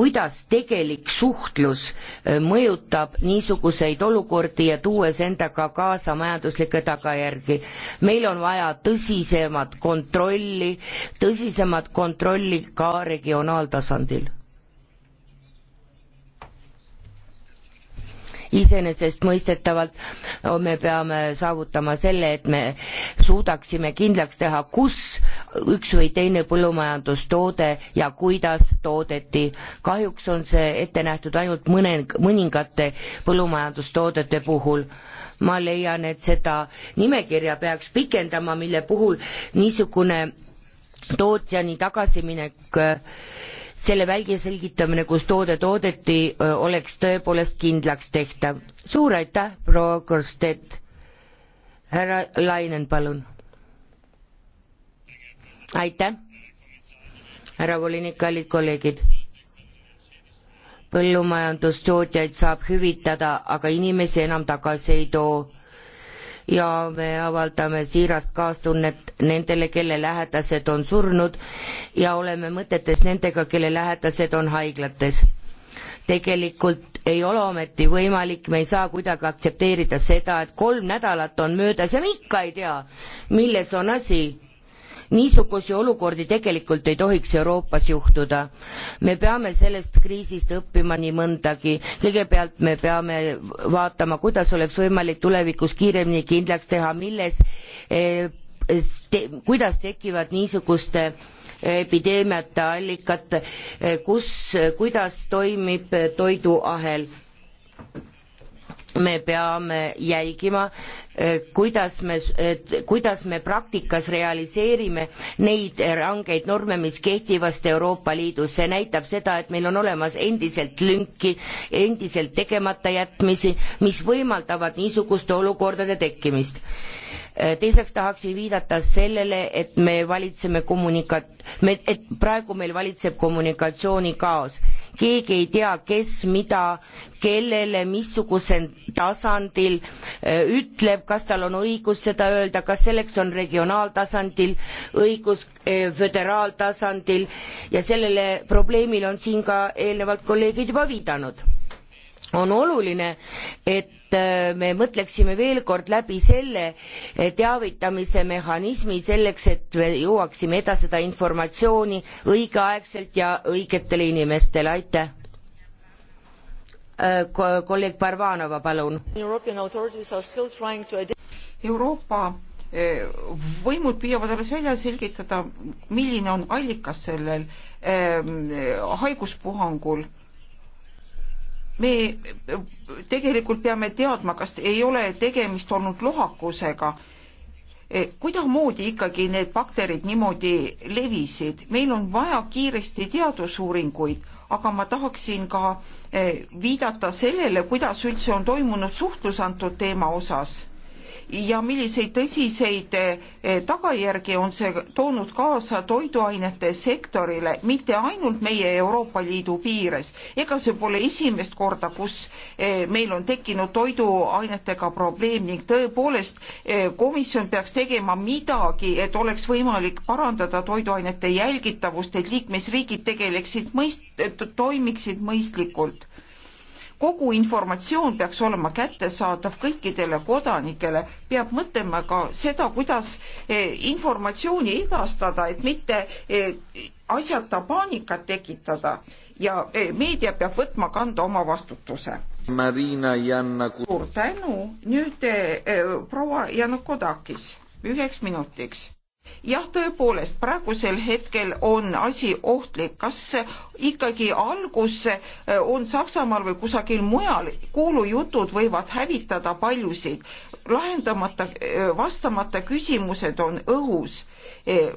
kuidas tegelik suhtlus äh, mõjutab niisuguseid olukordi ja tuues endaga kaasa majanduslikke tagajärgi. meil on vaja tõsisemat kontrolli, tõsisemat kontrolli ka regionaaltasandil. iseenesestmõistetavalt me peame saavutama selle, et me suudaksime kindlaks teha, kus üks või teine põllumajandustoode ja kuidas toodeti. kahjuks on see ette nähtud ainult mõne, mõningate põllumajandustoodete puhul ma leian, et seda nimekirja peaks pikendama, mille puhul niisugune tootjani tagasiminek selle väljaselgitamine, kus toode toodeti, oleks tõepoolest kindlaks tehtav. suur aitäh, proua Korstet. härra Lainen, palun. aitäh, härra volinik, kallid kolleegid põllumajandustootjaid saab hüvitada, aga inimesi enam tagasi ei too ja me avaldame siirast kaastunnet nendele, kelle lähedased on surnud ja oleme mõtetes nendega, kelle lähedased on haiglates. tegelikult ei ole ometi võimalik, me ei saa kuidagi aktsepteerida seda, et kolm nädalat on möödas ja me ikka ei tea, milles on asi niisugusi olukordi tegelikult ei tohiks euroopas juhtuda me peame sellest kriisist õppima nii mõndagi kõigepealt me peame vaatama kuidas oleks võimalik tulevikus kiiremini kindlaks teha milles eh, te, kuidas tekivad niisuguste epideemiate allikad eh, kus eh, kuidas toimib toiduahel me peame jälgima, eh, kuidas me, kuidas me praktikas realiseerime neid rangeid norme, mis kehtivast Euroopa Liidus, see näitab seda, et meil on olemas endiselt lünki, endiselt tegematajätmisi, mis võimaldavad niisuguste olukordade tekkimist. Eh, teiseks tahaksin viidata sellele, et me valitseme kommunika-, me, et praegu meil valitseb kommunikatsioonikaos keegi ei tea, kes mida, kellele, missugusel tasandil äh, ütleb, kas tal on õigus seda öelda, kas selleks on regionaaltasandil õigus äh, föderaaltasandil ja sellele probleemile on siin ka eelnevalt kolleegid juba viidanud on oluline, et äh, me mõtleksime veel kord läbi selle äh, teavitamise mehhanismi selleks, et me jõuaksime edastada informatsiooni õigeaegselt ja õigetele inimestele, aitäh. Äh, kolleeg Barbanova, palun. Euroopa võimud püüavad alles välja selgitada, milline on allikas sellel ähm, haiguspuhangul me tegelikult peame teadma, kas ei ole tegemist olnud lohakusega. Eh, kuidasmoodi ikkagi need bakterid niimoodi levisid, meil on vaja kiiresti teadusuuringuid, aga ma tahaksin ka eh, viidata sellele, kuidas üldse on toimunud suhtlus antud teema osas ja milliseid tõsiseid eh, tagajärgi on see toonud kaasa toiduainete sektorile, mitte ainult meie Euroopa Liidu piires. ega see pole esimest korda, kus eh, meil on tekkinud toiduainetega probleem ning tõepoolest eh, komisjon peaks tegema midagi, et oleks võimalik parandada toiduainete jälgitavust, et liikmesriigid tegeleksid mõist-, toimiksid mõistlikult kogu informatsioon peaks olema kättesaadav kõikidele kodanikele, peab mõtlema ka seda, kuidas eh, informatsiooni edastada, et mitte eh, asjata paanikat tekitada ja eh, meedia peab võtma kanda oma vastutuse. Marina Janna. suur tänu, nüüd proua Janukodakis üheks minutiks jah, tõepoolest, praegusel hetkel on asi ohtlik, kas ikkagi algus eh, on Saksamaal või kusagil mujal, kuulujutud võivad hävitada paljusid, lahendamata, eh, vastamata küsimused on õhus eh,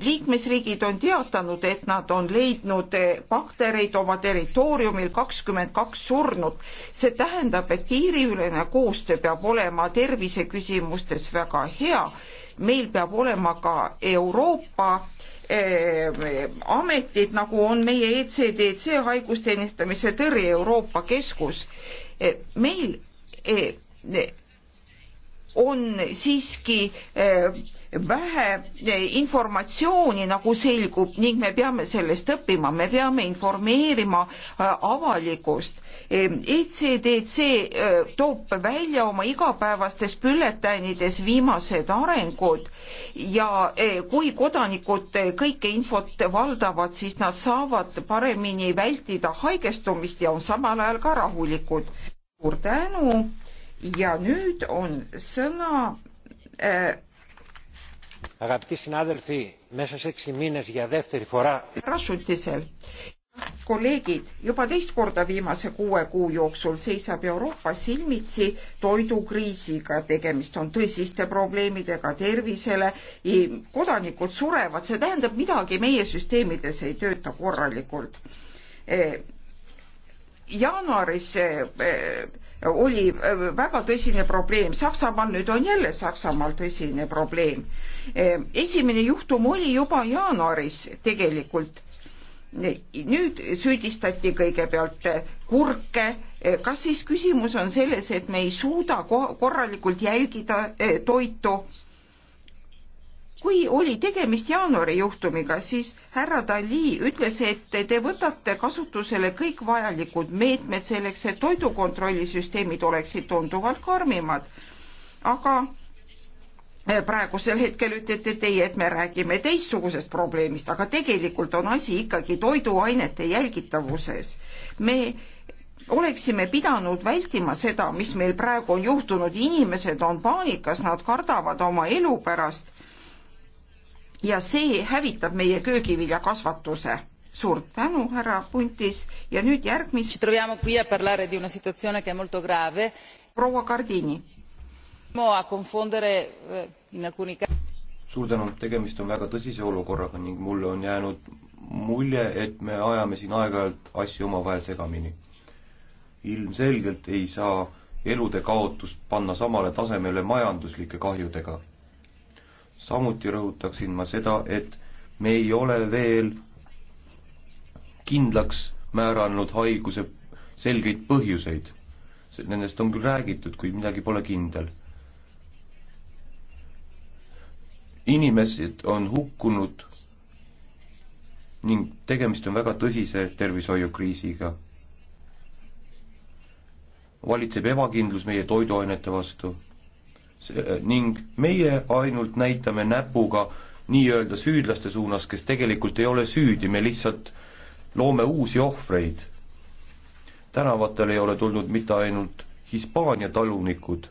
liikmesriigid on teatanud, et nad on leidnud eh, baktereid oma territooriumil kakskümmend kaks surnut. see tähendab, et piiriülene koostöö peab olema terviseküsimustes väga hea. meil peab olema ka Euroopa eh, ametid, nagu on meie ECDC haiguste ennetamise tõrje Euroopa Keskus eh,. meil eh, on siiski eh, vähe eh, informatsiooni, nagu selgub ning me peame sellest õppima, me peame informeerima eh, avalikkust. ECDC e toob välja oma igapäevastes bülletäänides viimased arengud ja kui kodanikud kõike infot valdavad, siis nad saavad paremini vältida haigestumist ja on samal ajal ka rahulikud. suur tänu ja nüüd on sõna äh, Αγαπητοί συνάδελφοι, μέσα σε έξι μήνες για δεύτερη φορά... Ρασουτισελ, kolleegid, juba teist korda viimase kuue kuu jooksul seisab Euroopa silmitsi toidukriisiga, tegemist on tõsiste probleemidega tervisele, kodanikud surevad, see tähendab midagi meie süsteemides ei tööta korralikult äh, jaanuaris eh, eh, oli eh, väga tõsine probleem Saksamaal, nüüd on jälle Saksamaal tõsine probleem. esimene juhtum oli juba jaanuaris tegelikult. nüüd süüdistati kõigepealt kurke, kas siis küsimus on selles, et me ei suuda korralikult jälgida toitu? kui oli tegemist jaanuari juhtumiga, siis härra Dali ütles, et te võtate kasutusele kõik vajalikud meetmed selleks, et toidukontrollisüsteemid oleksid tunduvalt karmimad. aga eh, praegusel hetkel ütlete teie, et me räägime teistsugusest probleemist, aga tegelikult on asi ikkagi toiduainete jälgitavuses. me oleksime pidanud vältima seda, mis meil praegu on juhtunud, inimesed on paanikas, nad kardavad oma elu pärast ja see hävitab meie köögiviljakasvatuse. suur tänu, härra Puntis ja nüüd järgmist. proua Gardini. Eh, suur tänu, tegemist on väga tõsise olukorraga ning mulle on jäänud mulje, et me ajame siin aeg-ajalt asju omavahel segamini. ilmselgelt ei saa elude kaotust panna samale tasemele majanduslike kahjudega samuti rõhutaksin ma seda, et me ei ole veel kindlaks määranud haiguse selgeid põhjuseid. Nendest on küll räägitud, kuid midagi pole kindel. inimesed on hukkunud ning tegemist on väga tõsise tervishoiukriisiga. valitseb ebakindlus meie toiduainete vastu Äh, ning meie ainult näitame näpuga nii-öelda süüdlaste suunas, kes tegelikult ei ole süüdi, me lihtsalt loome uusi ohvreid. tänavatel ei ole tulnud mitte ainult Hispaania talunikud,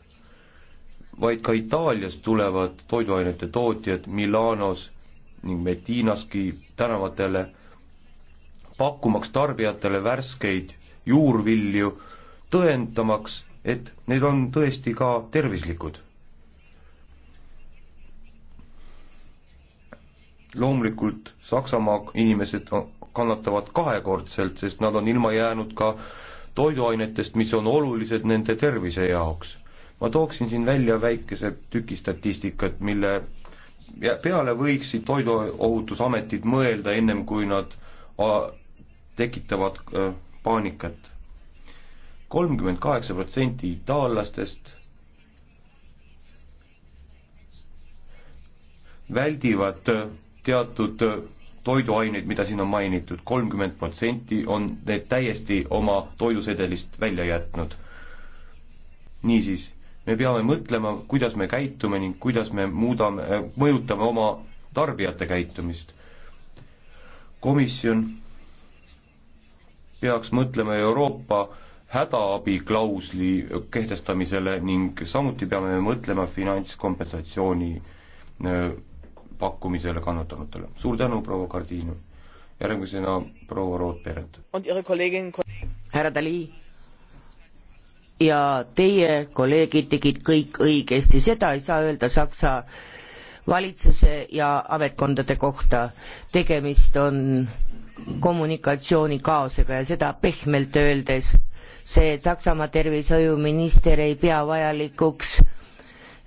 vaid ka Itaaliast tulevad toiduainete tootjad Milanos ning Medinaski tänavatele, pakkumaks tarbijatele värskeid juurvilju, tõendamaks, et need on tõesti ka tervislikud loomulikult Saksamaa inimesed kannatavad kahekordselt, sest nad on ilma jäänud ka toiduainetest, mis on olulised nende tervise jaoks. ma tooksin siin välja väikese tüki statistikat, mille peale võiksid toiduohutusametid mõelda ennem, kui nad tekitavad paanikat. kolmkümmend kaheksa protsenti itaallastest väldivad teatud äh, toiduaineid, mida siin on mainitud, kolmkümmend protsenti on need täiesti oma toidusedelist välja jätnud. niisiis, me peame mõtlema, kuidas me käitume ning kuidas me muudame, äh, mõjutame oma tarbijate käitumist. komisjon peaks mõtlema Euroopa hädaabiklausli kehtestamisele ning samuti peame mõtlema finantskompensatsiooni äh, pakkumisele kannatanutele. suur tänu, proua Kardinu. järgmisena proua Rootperet. härra Dali ja teie kolleegid tegid kõik õigesti, seda ei saa öelda Saksa valitsuse ja ametkondade kohta. tegemist on kommunikatsioonikaosega ja seda pehmelt öeldes. see, et Saksamaa tervishoiuminister ei pea vajalikuks äh,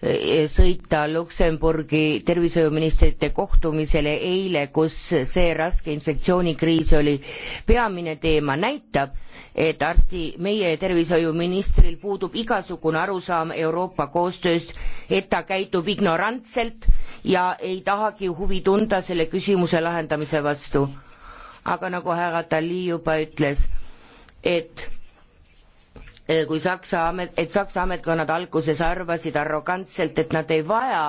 sõita Luksemburgi tervishoiuministrite kohtumisele eile, kus see raske infektsioonikriis oli peamine teema, näitab, et arsti, meie tervishoiuministril puudub igasugune arusaam Euroopa koostööst, et ta käitub ignorantselt ja ei tahagi huvi tunda selle küsimuse lahendamise vastu. aga nagu härra Dali juba ütles, et Eh, kui Saksa amet, et Saksa ametkonnad alguses arvasid arrogantselt, et nad ei vaja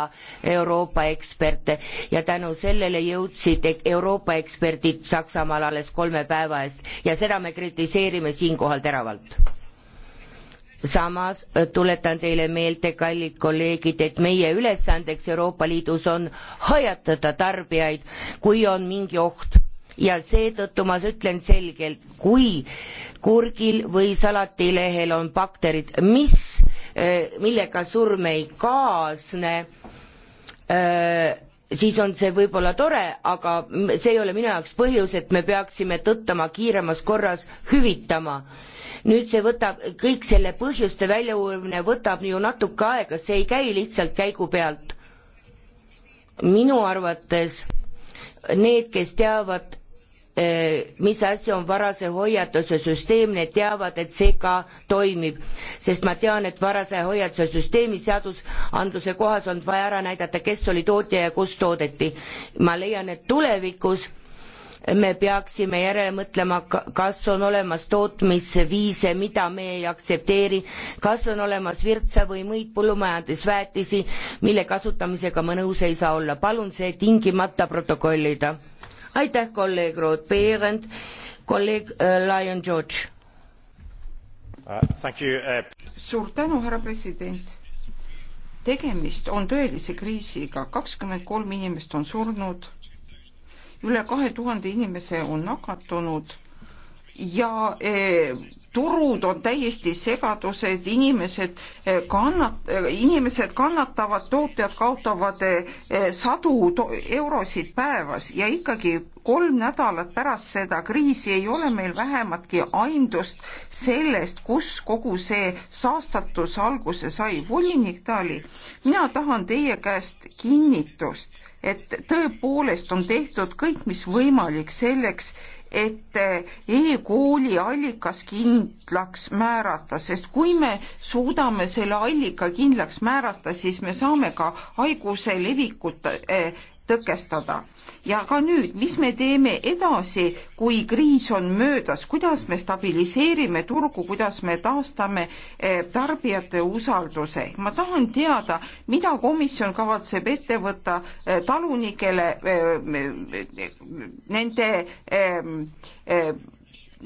Euroopa eksperte ja tänu sellele jõudsid Euroopa eksperdid Saksamaal alles kolme päeva eest ja seda me kritiseerime siinkohal teravalt samas eh, tuletan teile meelde, kallid kolleegid, et meie ülesandeks Euroopa Liidus on hoiatada tarbijaid, kui on mingi oht ja seetõttu ma ütlen selgelt, kui kurgil või salatilehel on bakterid, mis, äh, millega surm ei kaasne, äh, siis on see võib-olla tore, aga see ei ole minu jaoks põhjus, et me peaksime tõttama kiiremas korras hüvitama. nüüd see võtab, kõik selle põhjuste väljauurimine võtab ju natuke aega, see ei käi lihtsalt käigu pealt. minu arvates need, kes teavad Eh, mis asi on varase hoiatuse süsteem, need teavad, et see ka toimib. sest ma tean, et varase hoiatuse süsteemi seadusandluse kohas on vaja ära näidata, kes oli tootja ja kus toodeti. ma leian, et tulevikus me peaksime järele mõtlema, kas on olemas tootmisviise, mida me ei aktsepteeri, kas on olemas virtsa või muid põllumajandusväetisi, mille kasutamisega ma nõus ei saa olla. palun see tingimata protokollida aitäh, kolleeg Ruth Beerand, kolleeg äh, Lion George uh, uh,. suur tänu, härra president tegemist on tõelise kriisiga, kakskümmend kolm inimest on surnud, üle kahe tuhande inimese on nakatunud ja eh, turud on täiesti segadused, inimesed eh, kannat-, eh, inimesed kannatavad, tootjad kaotavad sadu eurosid päevas ja ikkagi kolm nädalat pärast seda kriisi ei ole meil vähematki aimdust sellest, kus kogu see saastatus alguse sai. volinik Tali, mina tahan teie käest kinnitust, et tõepoolest on tehtud kõik, mis võimalik selleks, et e-kooli allikas kindlaks määrata, sest kui me suudame selle allika kindlaks määrata, siis me saame ka haiguse levikut eh, tõkestada ja ka nüüd, mis me teeme edasi, kui kriis on möödas, kuidas me stabiliseerime turgu, kuidas me taastame eh, tarbijate usalduse? ma tahan teada, mida komisjon kavatseb ette võtta eh, talunikele eh, nende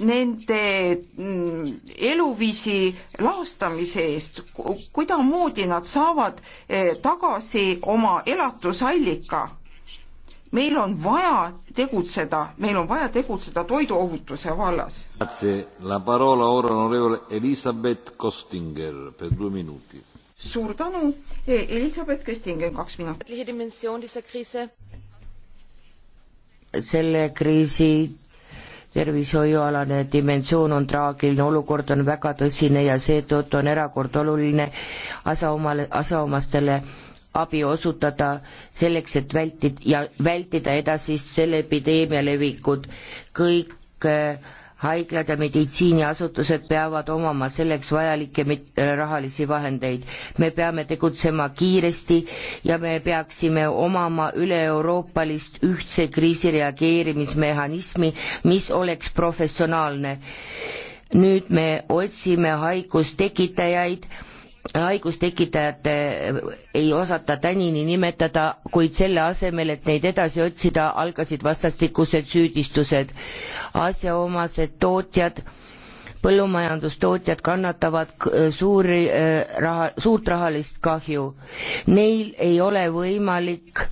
nende mm, eluviisi laastamise eest, kuidamoodi nad saavad tagasi oma elatusallika meil on vaja tegutseda, meil on vaja tegutseda toiduohutuse vallas. suur tänu, e, Elizabeth Köstinger, kaks minutit. selle kriisi tervishoiualane dimensioon on traagiline, olukord on väga tõsine ja seetõttu on erakord oluline asjaomale, asjaomastele abi osutada selleks, et vältid- ja vältida edasist selle epideemia levikut. kõik äh, haiglad ja meditsiiniasutused peavad omama selleks vajalikke äh, rahalisi vahendeid. me peame tegutsema kiiresti ja me peaksime omama üle-euroopalist ühtse kriisireageerimismehhanismi, mis oleks professionaalne. nüüd me otsime haigust tekitajaid haigustekitajate ei osata tänini nimetada, kuid selle asemel, et neid edasi otsida, algasid vastastikused süüdistused. asjaomased tootjad, põllumajandustootjad kannatavad suuri äh, raha, suurt rahalist kahju. Neil ei ole võimalik äh,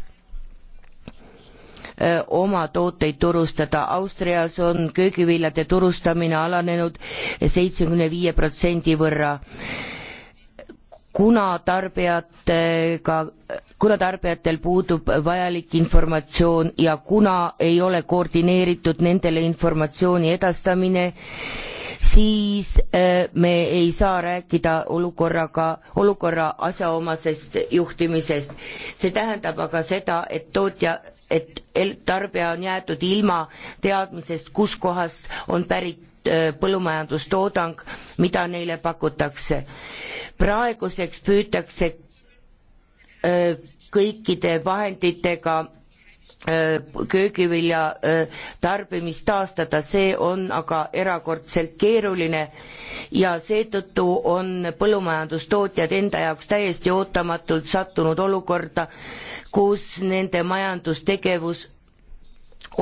oma tooteid turustada. Austrias on köögiviljade turustamine alanenud seitsmekümne viie protsendi võrra kuna tarbijatega, kuna tarbijatel puudub vajalik informatsioon ja kuna ei ole koordineeritud nendele informatsiooni edastamine, siis äh, me ei saa rääkida olukorraga, olukorra asjaomasest juhtimisest. see tähendab aga seda, et tootja et tarbija on jäetud ilma teadmisest, kuskohast on pärit Äh, põllumajandustoodang, mida neile pakutakse. praeguseks püütakse äh, kõikide vahenditega äh, köögivilja tarbimist taastada, see on aga erakordselt keeruline ja seetõttu on põllumajandustootjad enda jaoks täiesti ootamatult sattunud olukorda, kus nende majandustegevus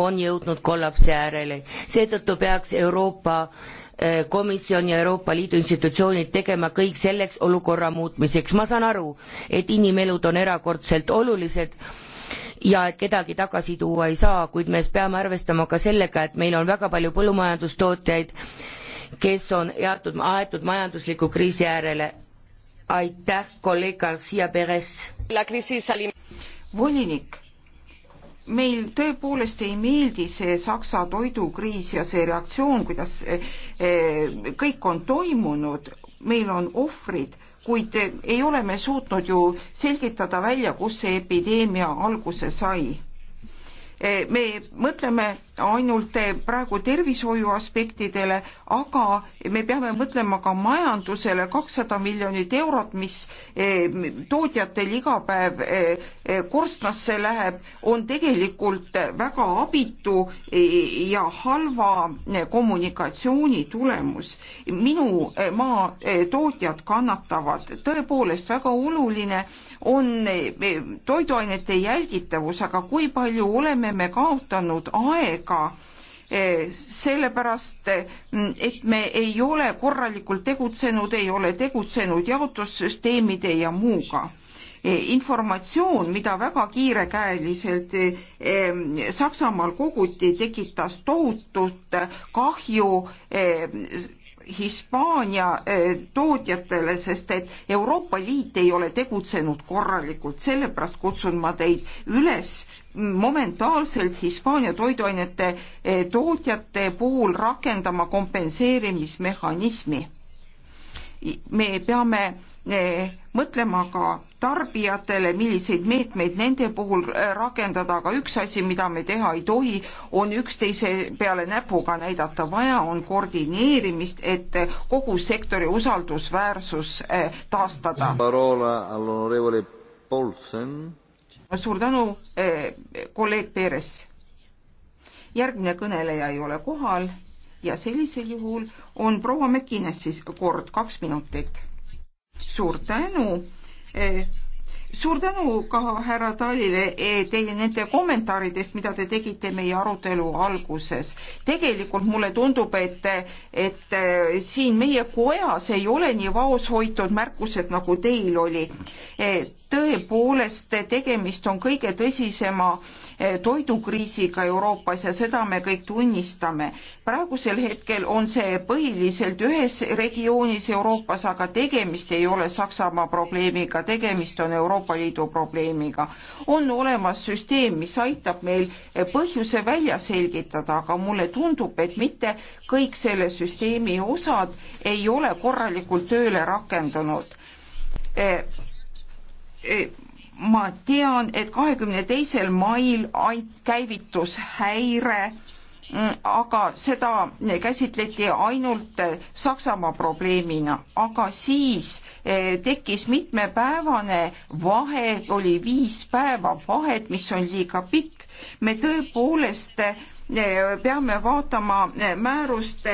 on jõudnud kollapsi äärele. seetõttu peaks Euroopa eh, komisjon ja Euroopa Liidu institutsioonid tegema kõik selleks olukorra muutmiseks. ma saan aru, et inimelud on erakordselt olulised ja et kedagi tagasi tuua ei saa, kuid me peame arvestama ka sellega, et meil on väga palju põllumajandustootjaid, kes on jaotud, aetud majandusliku kriisi äärele. aitäh, kolleeg Garcia Perez. volinik meil tõepoolest ei meeldi see Saksa toidukriis ja see reaktsioon, kuidas eh, eh, kõik on toimunud, meil on ohvrid, kuid eh, ei ole me suutnud ju selgitada välja, kus see epideemia alguse sai. me mõtleme ainult praegu tervishoiu aspektidele, aga me peame mõtlema ka majandusele, kakssada miljonit eurot, mis eh, tootjatel iga päev eh, eh, korstnasse läheb, on tegelikult väga abitu ja halva kommunikatsiooni tulemus. minu maa tootjad kannatavad, tõepoolest väga oluline on toiduainete jälgitavus, aga kui palju oleme me kaotanud aega, aega eh, sellepärast, eh, et me ei ole korralikult tegutsenud, ei ole tegutsenud jaotussüsteemide ja muuga. Eh, informatsioon, mida väga kiirekäeliselt Saksamaal koguti, tekitas tohutut kahju Hispaania tootjatele, sest et Euroopa Liit ei ole tegutsenud korralikult, sellepärast kutsun ma teid üles momentaalselt Hispaania toiduainete eh, tootjate puhul rakendama kompenseerimismehhanismi. me peame eh, mõtlema ka tarbijatele, milliseid meetmeid nende puhul eh, rakendada, aga üks asi, mida me teha ei tohi, on üksteise peale näpuga näidata, vaja on koordineerimist, et kogu sektori usaldusväärsus taastada suur tänu, eh, kolleeg Peeres. järgmine kõneleja ei ole kohal ja sellisel juhul on proua Mäkines siis kord kaks minutit. suur tänu eh, suur tänu ka härra Talile e, teie nende kommentaaridest, mida te tegite meie arutelu alguses. tegelikult mulle tundub, et, et e, siin meie kojas ei ole nii vaoshoitud märkused, nagu teil oli. E, tõepoolest, tegemist on kõige tõsisema toidukriisiga Euroopas ja seda me kõik tunnistame praegusel hetkel on see põhiliselt ühes regioonis Euroopas, aga tegemist ei ole Saksamaa probleemiga, tegemist on Euroopa Liidu probleemiga. on olemas süsteem, mis aitab meil põhjuse välja selgitada, aga mulle tundub, et mitte kõik selle süsteemi osad ei ole korralikult tööle rakendunud eh, eh, ma tean, et kahekümne teisel mail käivitus häire Mm, aga seda käsitleti ainult Saksamaa probleemina, aga siis eh, tekkis mitmepäevane vahe, oli viis päeva vahet, mis on liiga pikk. me tõepoolest eh, peame vaatama eh, määrust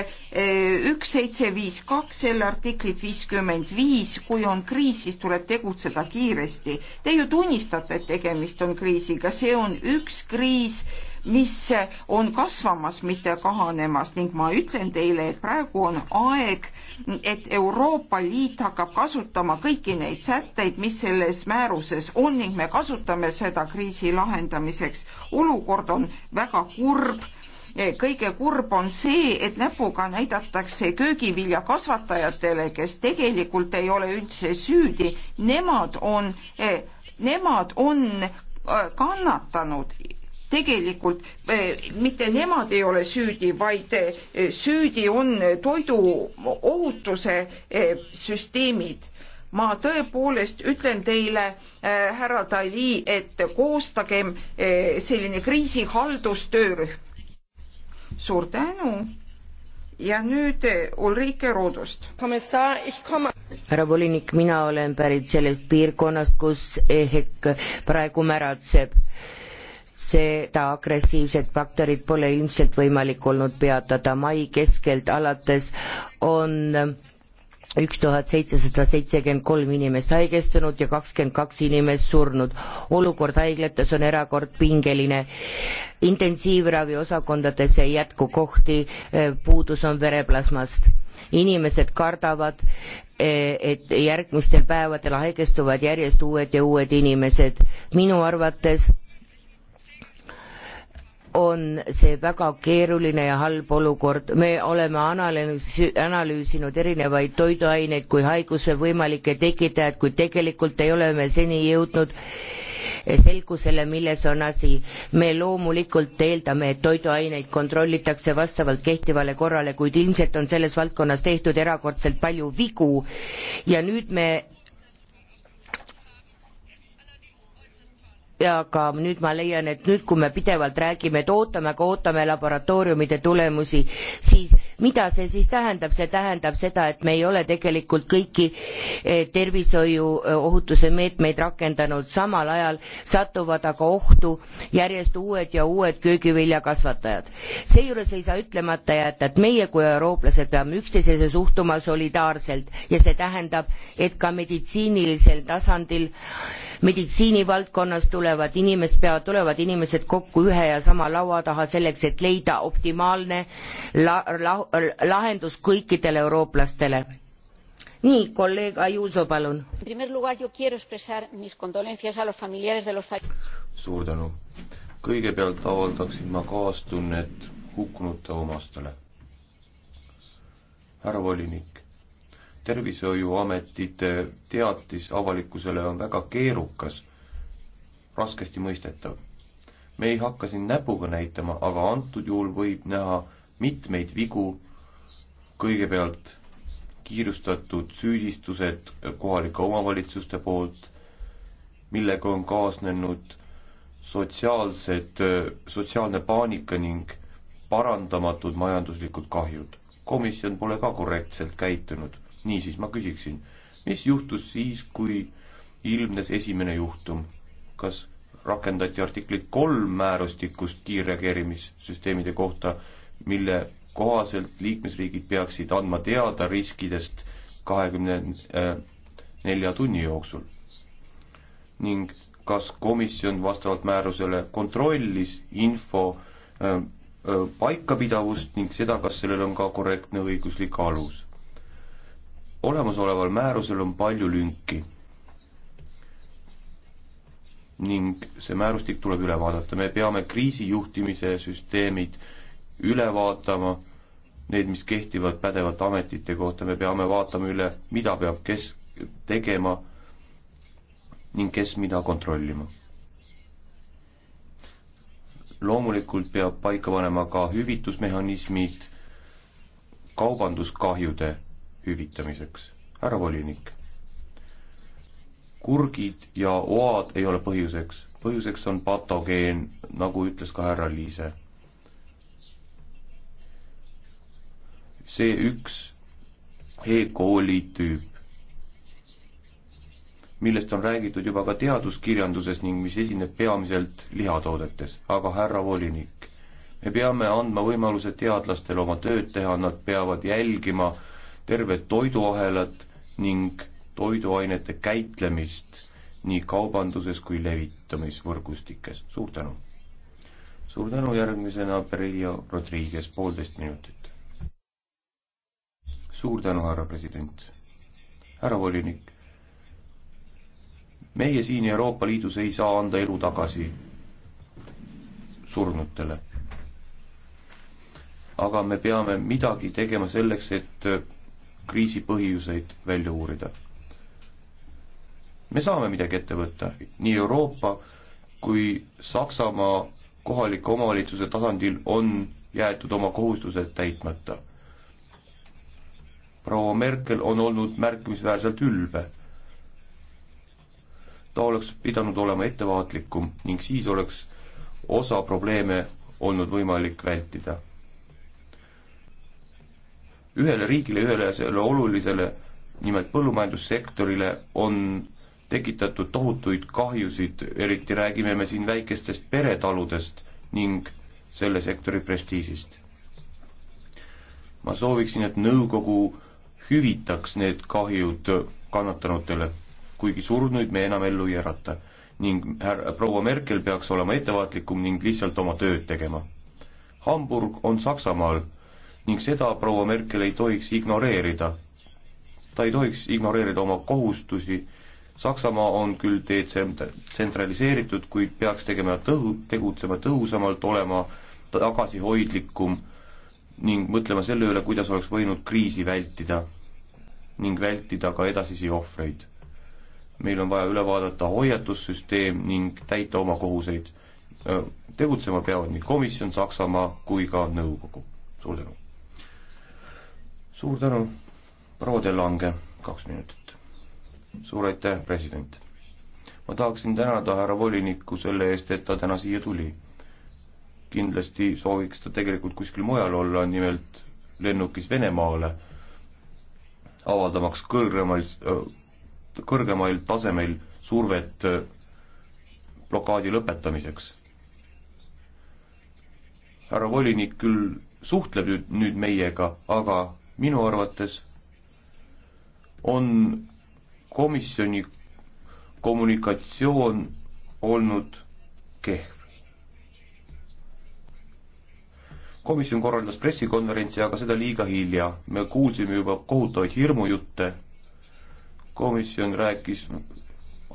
üks seitse viis kaks, selle artiklit viiskümmend viis, kui on kriis, siis tuleb tegutseda kiiresti. Te ju tunnistate, et tegemist on kriisiga, see on üks kriis mis on kasvamas, mitte kahanemas ning ma ütlen teile, et praegu on aeg, et Euroopa Liit hakkab kasutama kõiki neid sätteid, mis selles määruses on ning me kasutame seda kriisi lahendamiseks. olukord on väga kurb kõige kurb on see, et näpuga näidatakse köögivilja kasvatajatele, kes tegelikult ei ole üldse süüdi, nemad on, eh, nemad on eh, kannatanud tegelikult eh, mitte nemad ei ole süüdi, vaid eh, süüdi on toiduohutuse eh, süsteemid ma tõepoolest ütlen teile äh,, härra Dali, et koostagem äh, selline kriisihaldustöörühm. suur tänu ja nüüd äh, Ulrike Roodust. härra volinik, mina olen pärit sellest piirkonnast, kus EHEC praegu märatseb seda agressiivset bakterit pole ilmselt võimalik olnud peatada, mai keskelt alates on üks tuhat seitsesada seitsekümmend kolm inimest haigestunud ja kakskümmend kaks inimest surnud. olukord haiglates on erakord pingeline. intensiivraviosakondades ei jätku kohti, puudus on vereplasmast. inimesed kardavad, et järgmistel päevadel haigestuvad järjest uued ja uued inimesed. minu arvates on see väga keeruline ja halb olukord. me oleme analüüsinud, analüüsinud erinevaid toiduaineid kui haiguse võimalikke tekitajaid, kuid tegelikult ei ole me seni jõudnud selgusele, milles on asi. me loomulikult eeldame, et toiduaineid kontrollitakse vastavalt kehtivale korrale, kuid ilmselt on selles valdkonnas tehtud erakordselt palju vigu ja nüüd me aga nüüd ma leian, et nüüd, kui me pidevalt räägime, et ootame, aga ootame laboratooriumide tulemusi, siis mida see siis tähendab, see tähendab seda, et me ei ole tegelikult kõiki eh, tervishoiu ohutuse meetmeid rakendanud, samal ajal satuvad aga ohtu järjest uued ja uued köögiviljakasvatajad. seejuures ei saa ütlemata jätta, et meie kui eurooplased peame üksteisesse suhtuma solidaarselt ja see tähendab, et ka meditsiinilisel tasandil, meditsiinivaldkonnas tuleb tulevad inimesed, peavad, tulevad inimesed kokku ühe ja sama laua taha selleks, et leida optimaalne la, la, lahendus kõikidele eurooplastele. nii, kolleeg Ajuso, palun. suur tänu. kõigepealt avaldaksin ma kaastunnet hukkunute omastele. härra volinik tervishoiuametite teatis avalikkusele on väga keerukas raskesti mõistetav. me ei hakka siin näpuga näitama, aga antud juhul võib näha mitmeid vigu, kõigepealt kiirustatud süüdistused kohalike omavalitsuste poolt, millega on kaasnenud sotsiaalsed, sotsiaalne paanika ning parandamatud majanduslikud kahjud. komisjon pole ka korrektselt käitunud. niisiis ma küsiksin, mis juhtus siis, kui ilmnes esimene juhtum? kas rakendati artikli kolm määrustikust kiirreageerimissüsteemide kohta, mille kohaselt liikmesriigid peaksid andma teada riskidest kahekümne äh, nelja tunni jooksul. ning kas komisjon vastavalt määrusele kontrollis info öö, äh, öö, äh, paikapidavust ning seda, kas sellel on ka korrektne õiguslik alus. olemasoleval määrusel on palju lünki ning see määrustik tuleb üle vaadata, me peame kriisijuhtimise süsteemid üle vaatama, need, mis kehtivad pädevate ametite kohta, me peame vaatama üle, mida peab kes tegema ning kes mida kontrollima. loomulikult peab paika panema ka hüvitusmehhanismid kaubanduskahjude hüvitamiseks. härra volinik kurgid ja oad ei ole põhjuseks, põhjuseks on patogeen, nagu ütles ka härra Liise. see üks E. coli tüüp, millest on räägitud juba ka teaduskirjanduses ning mis esineb peamiselt lihatoodetes, aga härra volinik, me peame andma võimaluse teadlastel oma tööd teha, nad peavad jälgima tervet toiduahelat ning toiduainete käitlemist nii kaubanduses kui levitamisvõrgustikes. suur tänu! suur tänu, järgmisena Perillo Rodriguez, poolteist minutit. suur tänu, härra president, härra volinik. meie siin Euroopa Liidus ei saa anda elu tagasi surnutele. aga me peame midagi tegema selleks, et kriisi põhjuseid välja uurida me saame midagi ette võtta, nii Euroopa kui Saksamaa kohaliku omavalitsuse tasandil on jäetud oma kohustused täitmata. proua Merkel on olnud märkimisväärselt ülbe. ta oleks pidanud olema ettevaatlikum ning siis oleks osa probleeme olnud võimalik vältida. ühele riigile, ühele selle olulisele, nimelt põllumajandussektorile on tekitatud tohutuid kahjusid, eriti räägime me siin väikestest peretaludest ning selle sektori prestiižist. ma sooviksin, et nõukogu hüvitaks need kahjud kannatanutele, kuigi surnuid me enam ellu ei ärata ning härra proua Merkel peaks olema ettevaatlikum ning lihtsalt oma tööd tegema. Hamburg on Saksamaal ning seda proua Merkel ei tohiks ignoreerida. ta ei tohiks ignoreerida oma kohustusi Saksamaa on küll detsentraliseeritud, kuid peaks tegema tõhu, tegutsema tõhusamalt, olema tagasihoidlikum ning mõtlema selle üle, kuidas oleks võinud kriisi vältida ning vältida ka edasisi ohvreid. meil on vaja üle vaadata hoiatussüsteem ning täita oma kohuseid. tegutsema peavad nii komisjon, Saksamaa kui ka nõukogu. suur tänu! suur tänu, proua De Lange, kaks minutit suur aitäh, president! ma tahaksin tänada härra volinikku selle eest, et ta täna siia tuli. kindlasti sooviks ta tegelikult kuskil mujal olla, nimelt lennukis Venemaale, avaldamaks kõrgemal, äh, kõrgemail tasemel survet äh, blokaadi lõpetamiseks. härra volinik küll suhtleb nüüd, nüüd meiega, aga minu arvates on komisjoni kommunikatsioon olnud kehv. komisjon korraldas pressikonverentsi, aga seda liiga hilja. me kuulsime juba kohutavaid hirmujutte. komisjon rääkis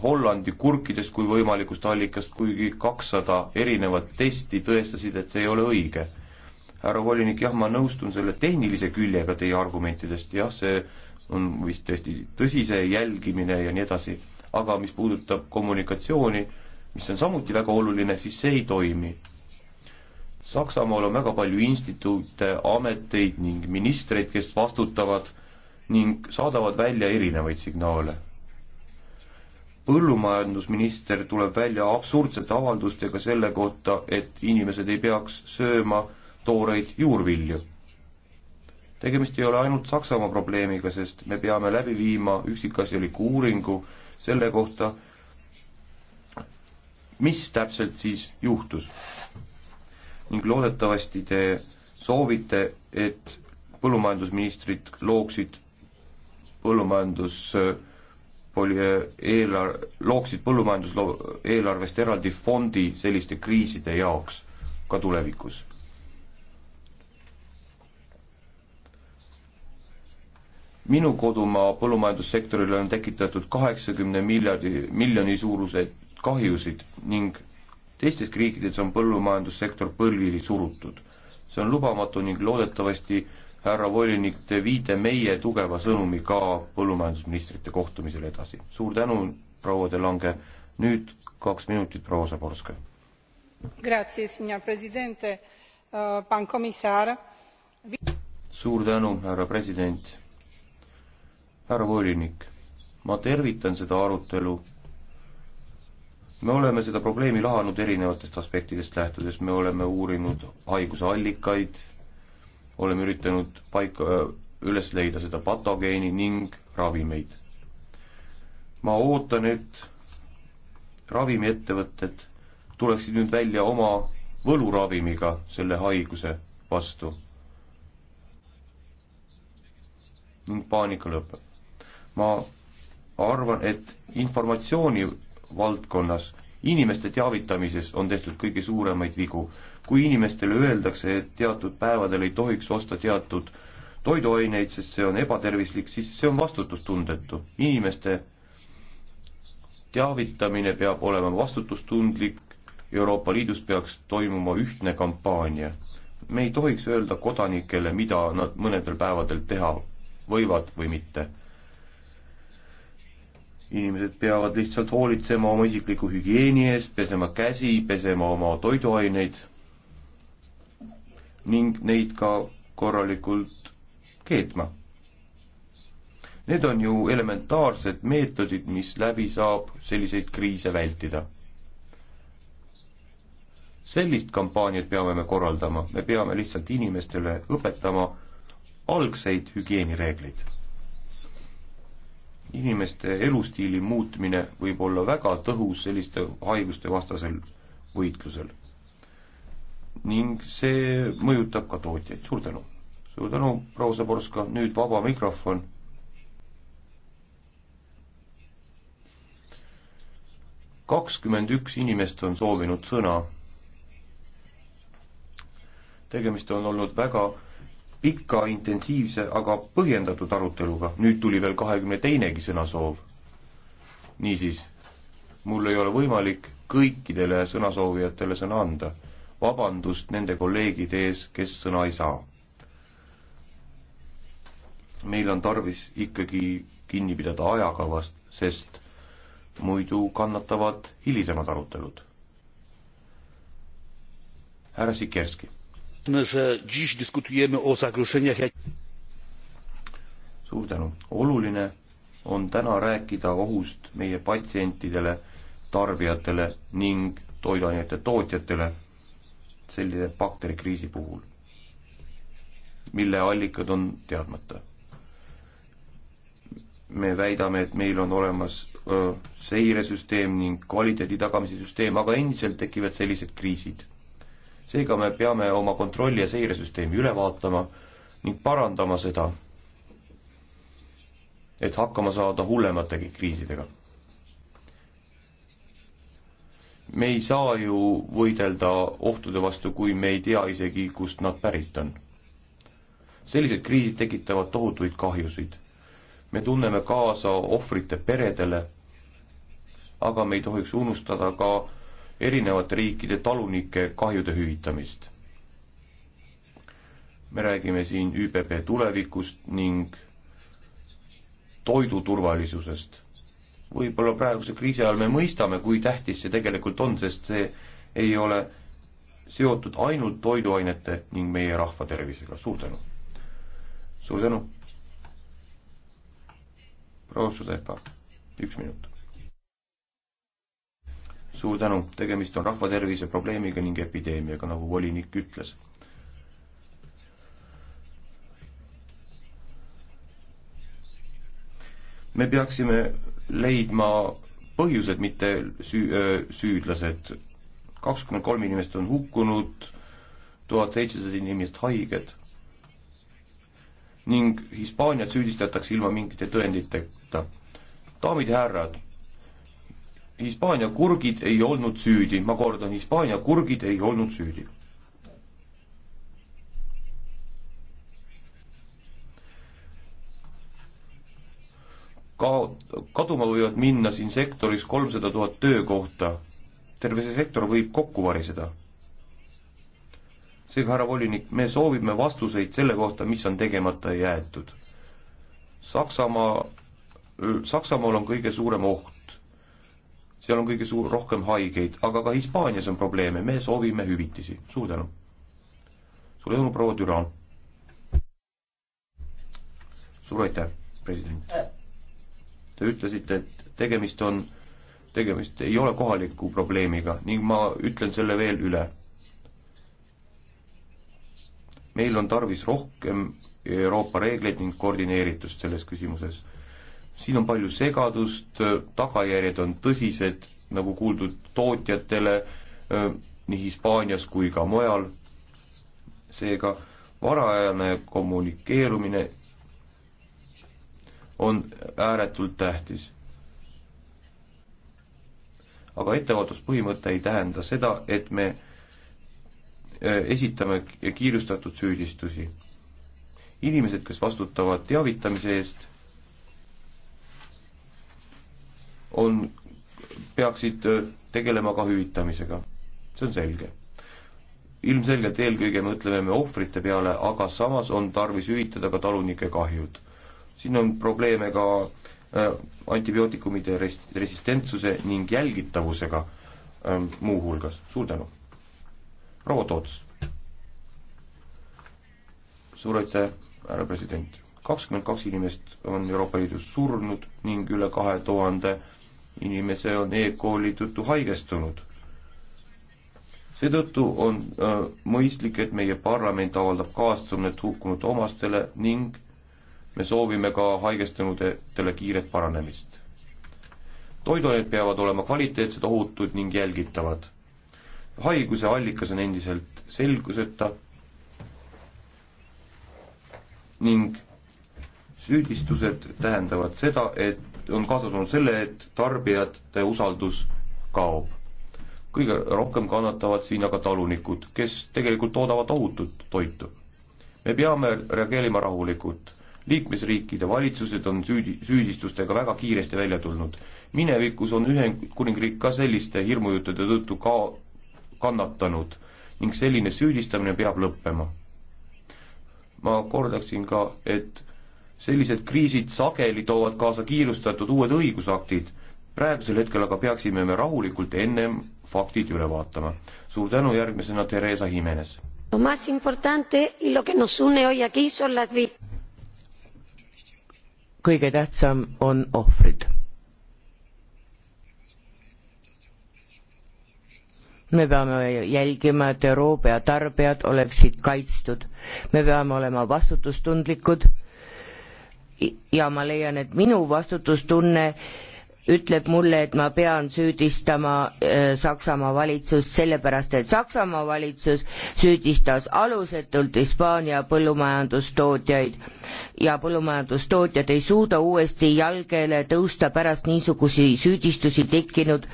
Hollandi kurkidest kui võimalikust allikast, kuigi kakssada erinevat testi tõestasid, et see ei ole õige härra volinik, jah, ma nõustun selle tehnilise küljega teie argumentidest, jah, see on vist tõesti tõsise jälgimine ja nii edasi, aga mis puudutab kommunikatsiooni, mis on samuti väga oluline, siis see ei toimi. Saksamaal on väga palju instituute, ameteid ning ministreid, kes vastutavad ning saadavad välja erinevaid signaale. põllumajandusminister tuleb välja absurdsete avaldustega selle kohta, et inimesed ei peaks sööma äh, tooreid juurvilju. tegemist ei ole ainult Saksamaa probleemiga, sest me peame läbi viima üksikasjaliku uuringu selle kohta, mis täpselt siis juhtus. ning loodetavasti te soovite, et põllumajandusministrid looksid põllumajandus äh, poli-, eelar-, looksid põllumajanduseelarvest eraldi fondi selliste kriiside jaoks ka tulevikus minu kodumaa põllumajandussektorile on tekitatud kaheksakümne miljardi, miljoni suuruseid kahjusid ning teistes riikides on põllumajandussektor põlvili surutud. see on lubamatu ning loodetavasti härra volinik, te viite meie tugeva sõnumi ka põllumajandusministrite kohtumisel edasi. suur tänu, proua De Lange, nüüd kaks minutit, proua Zaborska. Uh, suur tänu, härra president härra volinik, ma tervitan seda arutelu. me oleme seda probleemi lahanud erinevatest aspektidest lähtudes, me oleme uurinud haiguse allikaid, oleme üritanud paika, üles leida seda patogeeni ning ravimeid. ma ootan, et ravimiettevõtted tuleksid nüüd välja oma võluravimiga selle haiguse vastu. ning paanika lõpeb ma arvan, et informatsiooni valdkonnas, inimeste teavitamises on tehtud kõige suuremaid vigu. kui inimestele öeldakse, et teatud päevadel ei tohiks osta teatud toiduaineid, sest see on ebatervislik, siis see on vastutustundetu. inimeste teavitamine peab olema vastutustundlik, Euroopa Liidus peaks toimuma ühtne kampaania. me ei tohiks öelda kodanikele, mida nad mõnedel päevadel teha võivad või mitte inimesed peavad lihtsalt hoolitsema oma isikliku hügieeni eest, pesema käsi, pesema oma toiduaineid ning neid ka korralikult keetma. Need on ju elementaarsed meetodid, mis läbi saab selliseid kriise vältida. sellist kampaaniat peame me korraldama, me peame lihtsalt inimestele õpetama algseid hügieenireegleid inimeste elustiili muutmine võib olla väga tõhus selliste haiguste vastasel võitlusel. ning see mõjutab ka tootjaid, suur tänu! suur tänu, proua Zaborska, nüüd vaba mikrofon. kakskümmend üks inimest on soovinud sõna. tegemist on olnud väga pika, intensiivse, aga põhjendatud aruteluga. nüüd tuli veel kahekümne teinegi sõnasoov. niisiis, mul ei ole võimalik kõikidele sõnasoovijatele sõna anda. vabandust nende kolleegide ees, kes sõna ei saa. meil on tarvis ikkagi kinni pidada ajakavast, sest muidu kannatavad hilisemad arutelud. härra Sikerski że dziś dyskutujemy o zagrożeniach jak... suur tänu, oluline on täna rääkida ohust meie patsientidele, tarbijatele ning toiduainete tootjatele sellise bakterikriisi puhul, mille allikad on teadmata. me väidame, et meil on olemas öö, seiresüsteem ning kvaliteedi tagamise süsteem, aga endiselt tekivad sellised kriisid seega me peame oma kontrolli- ja seiresüsteemi üle vaatama ning parandama seda, et hakkama saada hullemategi kriisidega. me ei saa ju võidelda ohtude vastu, kui me ei tea isegi, kust nad pärit on. sellised kriisid tekitavad tohutuid kahjusid. me tunneme kaasa ohvrite peredele, aga me ei tohiks unustada ka erinevate riikide talunike kahjude hüvitamist. me räägime siin ÜPP tulevikust ning toiduturvalisusest. võib-olla praeguse kriisi ajal me mõistame, kui tähtis see tegelikult on, sest see ei ole seotud ainult toiduainete ning meie rahva tervisega, suur tänu. suur tänu. proua Šusefa, üks minut suur tänu, tegemist on rahvatervise probleemiga ning epideemiaga, nagu volinik ütles. me peaksime leidma põhjused, mitte süü-, süüdlased. kakskümmend kolm inimest on hukkunud, tuhat seitsesada inimest haiged ning Hispaaniat süüdistatakse ilma mingite tõenditeta. daamid ja härrad, Hispaania kurgid ei olnud süüdi, ma kordan, Hispaania kurgid ei olnud süüdi. ka kaduma võivad minna siin sektoris kolmsada tuhat töökohta. terve see sektor võib kokku variseda. seega, härra volinik, me soovime vastuseid selle kohta, mis on tegemata jäetud. Saksamaa, Saksamaal on kõige suurem oht seal on kõige suur, rohkem haigeid, aga ka Hispaanias on probleeme, me soovime hüvitisi, suur tänu. suur tänu, proua Düran. suur aitäh, president. Te ütlesite, et tegemist on, tegemist ei ole kohaliku probleemiga ning ma ütlen selle veel üle. meil on tarvis rohkem Euroopa reegleid ning koordineeritust selles küsimuses siin on palju segadust, tagajärjed on tõsised, nagu kuuldud tootjatele nii Hispaanias kui ka mujal. seega varajane kommunikeerumine on ääretult tähtis. aga ettevaatuspõhimõte ei tähenda seda, et me esitame kiirustatud süüdistusi. inimesed, kes vastutavad teavitamise eest on, peaksid äh, tegelema ka hüvitamisega. see on selge. ilmselgelt eelkõige mõtleme me ohvrite peale, aga samas on tarvis hüvitada ka talunike kahjud. siin on probleeme ka äh, antibiootikumide res-, resistentsuse ning jälgitavusega äh, muuhulgas. suur tänu! proua Toots. suur aitäh, härra president! kakskümmend kaks inimest on Euroopa Liidus surnud ning üle kahe tuhande 000 inimese on e-kooli tõttu haigestunud. seetõttu on äh, mõistlik, et meie parlament avaldab kaastunnet hukkunud omastele ning me soovime ka haigestunutele kiiret paranemist. toiduained peavad olema kvaliteetsed, ohutud ning jälgitavad. haiguse allikas on endiselt selguseta ning süüdistused tähendavad seda, et on kaasa toonud selle, et tarbijate usaldus kaob. kõige rohkem kannatavad siin aga talunikud, kes tegelikult toodavad ohutut toitu. me peame reageerima rahulikult. liikmesriikide valitsused on süüdi, süüdistustega väga kiiresti välja tulnud. minevikus on Ühendkuningriik ka selliste hirmujuttude tõttu ka kannatanud ning selline süüdistamine peab lõppema. ma kordaksin ka, et sellised kriisid sageli toovad kaasa kiirustatud uued õigusaktid, praegusel hetkel aga peaksime me rahulikult ennem faktid üle vaatama. suur tänu, järgmisena Theresa Jimenez. kõige tähtsam on ohvrid. me peame jälgima, et Euroopa tarbijad oleksid kaitstud. me peame olema vastutustundlikud ja ma leian, et minu vastutustunne ütleb mulle, et ma pean süüdistama äh, Saksamaa valitsust, sellepärast et Saksamaa valitsus süüdistas alusetult Hispaania põllumajandustootjaid ja põllumajandustootjad ei suuda uuesti jalgele tõusta pärast niisugusi süüdistusi tekkinud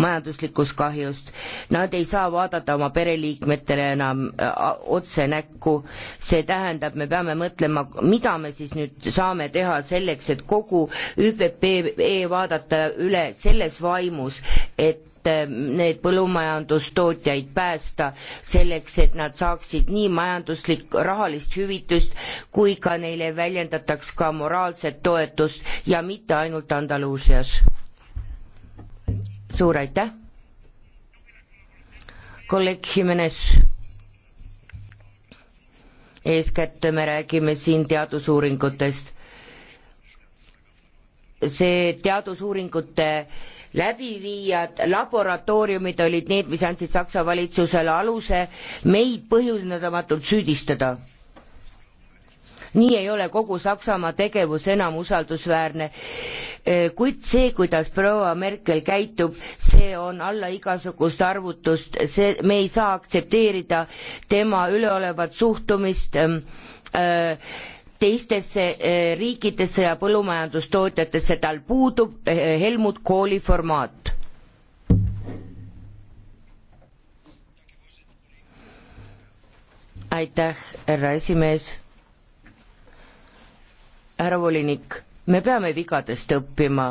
majanduslikust kahjust. Nad ei saa vaadata oma pereliikmetele enam äh, otse näkku, see tähendab, me peame mõtlema, mida me siis nüüd saame teha selleks, et kogu ÜPP vaadata üle selles vaimus, et äh, need põllumajandustootjaid päästa selleks, et nad saaksid nii majanduslik, rahalist hüvitust kui ka neile väljendataks ka moraalset toetust ja mitte ainult Andaluusias. suur aitäh! kolleeg Jimenez eeskätt me räägime siin teadusuuringutest see teadusuuringute läbiviijad, laboratooriumid olid need, mis andsid Saksa valitsusele aluse meid põhjendamatult süüdistada. nii ei ole kogu Saksamaa tegevus enam usaldusväärne. kuid see, kuidas proua Merkel käitub, see on alla igasugust arvutust, see, me ei saa aktsepteerida tema üleolevat suhtumist öö, äh, teistesse eh, riikidesse ja põllumajandustootjatesse, tal puudub eh, Helmut Kooli formaat. aitäh, härra esimees. härra volinik me peame vigadest õppima.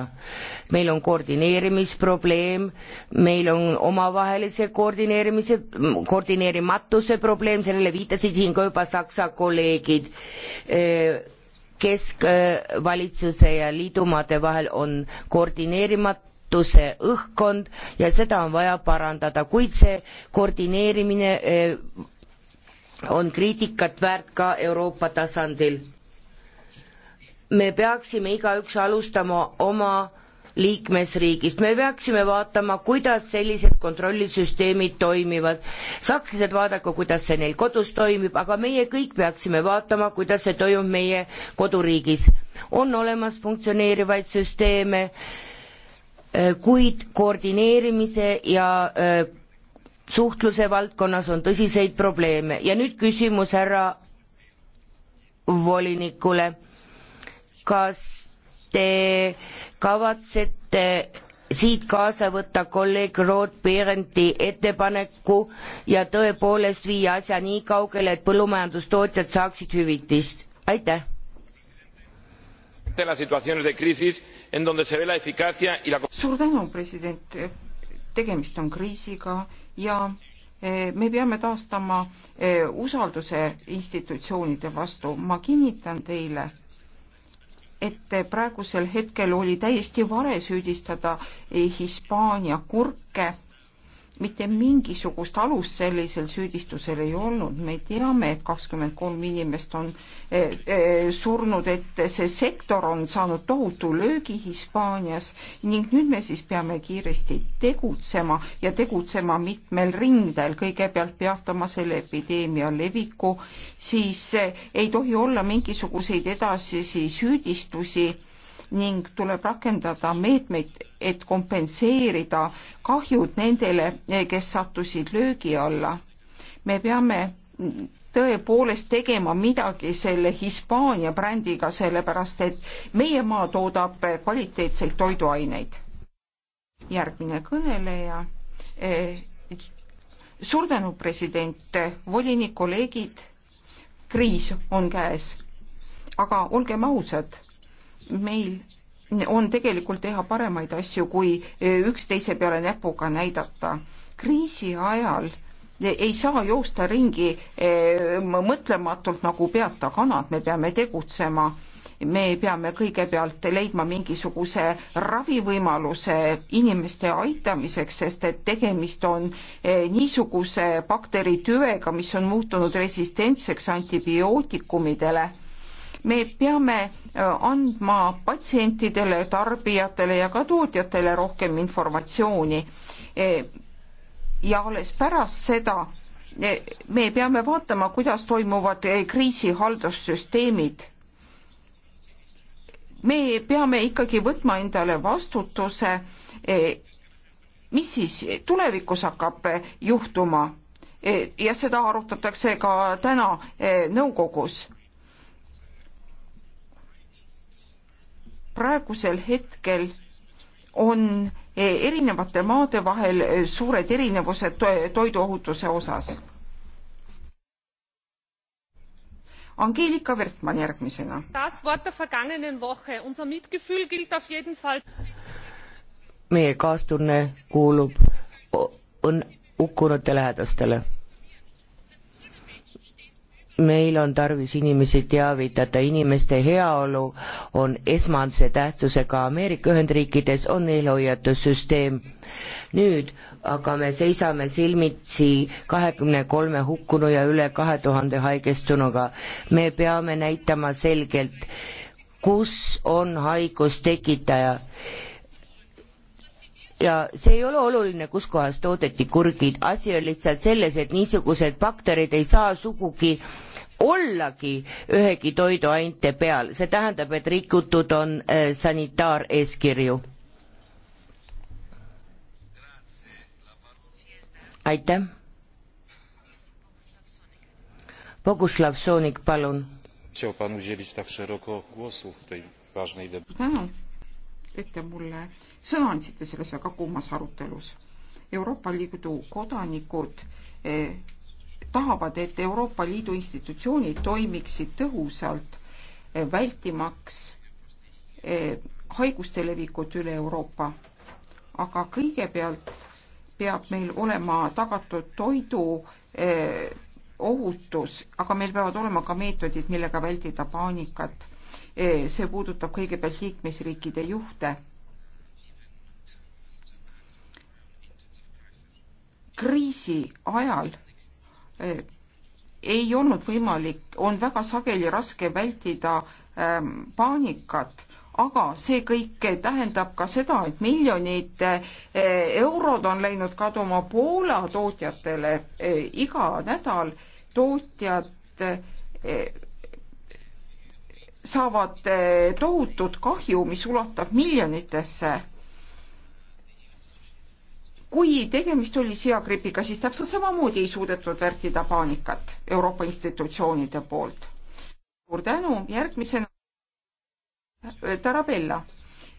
meil on koordineerimisprobleem, meil on omavahelise koordineerimise, koordineerimatuse probleem, sellele viitasid siin ka juba Saksa kolleegid. keskvalitsuse ja liidumaade vahel on koordineerimatu pettusse õhkkond ja seda on vaja parandada, kuid see koordineerimine on kriitikat väärt ka Euroopa tasandil me peaksime igaüks alustama oma liikmesriigist, me peaksime vaatama, kuidas sellised kontrollisüsteemid toimivad. sakslased vaadaku, kuidas see neil kodus toimib, aga meie kõik peaksime vaatama, kuidas see toimub meie koduriigis. on olemas funktsioneerivaid süsteeme, äh, kuid koordineerimise ja äh, suhtluse valdkonnas on tõsiseid probleeme ja nüüd küsimus härra volinikule kas te kavatsete siit kaasa võtta kolleeg Rod Berenti ettepaneku ja tõepoolest viia asja nii kaugele, et põllumajandustootjad saaksid hüvitist? aitäh! suur tänu, president. tegemist on kriisiga ja eh, me peame taastama eh, usalduse institutsioonide vastu. ma kinnitan teile et praegusel hetkel oli täiesti vale süüdistada Hispaania kurke mitte mingisugust alust sellisel süüdistusel ei olnud, me teame, et kakskümmend kolm inimest on eh, eh, surnud, et see sektor on saanud tohutu löögi Hispaanias ning nüüd me siis peame kiiresti tegutsema ja tegutsema mitmel rindel, kõigepealt peatama selle epideemia leviku, siis eh, ei tohi olla mingisuguseid edasisi süüdistusi ning tuleb rakendada meetmeid, et kompenseerida kahjud nendele, kes sattusid löögi alla. me peame tõepoolest tegema midagi selle Hispaania brändiga, sellepärast et meie maa toodab kvaliteetseid toiduaineid. järgmine kõneleja. Eh, suur tänu, president, volinik, kolleegid. kriis on käes. aga olgem ausad meil on tegelikult teha paremaid asju, kui e, üksteise peale näpuga näidata. kriisi ajal e, ei saa joosta ringi e, mõtlematult nagu peata kanad, me peame tegutsema. me peame kõigepealt leidma mingisuguse ravivõimaluse inimeste aitamiseks, sest et tegemist on niisuguse bakteritüvega, mis on muutunud resistentseks antibiootikumidele me peame andma patsientidele, tarbijatele ja ka tootjatele rohkem informatsiooni. E, ja alles pärast seda e, me peame vaatama, kuidas toimuvad e, kriisihaldussüsteemid. me peame ikkagi võtma endale vastutuse, mis siis tulevikus hakkab juhtuma ja seda arutatakse ka täna nõukogus praegusel hetkel on eh, erinevate maade vahel eh, suured erinevused toiduohutuse osas. Angelika Wertmann järgmisena. meie kaastunne kuulub õnn-, hukkunute lähedastele meil on tarvis inimesi teavitada, inimeste heaolu on esmase tähtsusega Ameerika Ühendriikides, on eelhoiatussüsteem. nüüd aga me seisame silmitsi kahekümne kolme hukkunu ja üle kahe tuhande haigestunuga. me peame näitama selgelt, kus on haigus tekitaja ja see ei ole oluline, kuskohast toodeti kurgid, asi on lihtsalt selles, et niisugused bakterid ei saa sugugi ollagi ühegi toiduainte peal, see tähendab, et rikutud on äh, sanitaareeskirju. aitäh. Boguslav Soonik, palun. tänu et te mulle sõna andsite selles väga kummas arutelus. Euroopa Liidu kodanikud eh, tahavad, et Euroopa Liidu institutsioonid toimiksid tõhusalt eh,, vältimaks eh, haiguste levikut üle Euroopa. aga kõigepealt peab meil olema tagatud toidu eh, ohutus, aga meil peavad olema ka meetodid, millega vältida paanikat Eh, see puudutab kõigepealt liikmesriikide juhte. kriisi ajal eh, ei olnud võimalik, on väga sageli raske vältida ehm, paanikat aga see kõik tähendab ka seda, et miljonid eh, eurod on läinud kaduma Poola tootjatele iga nädal tootjad saavad eh, tohutut kahju, mis ulatub miljonitesse. kui tegemist oli seagripiga, siis täpselt samamoodi ei suudetud vältida paanikat Euroopa institutsioonide poolt. suur tänu, järgmisena eh, Tarabella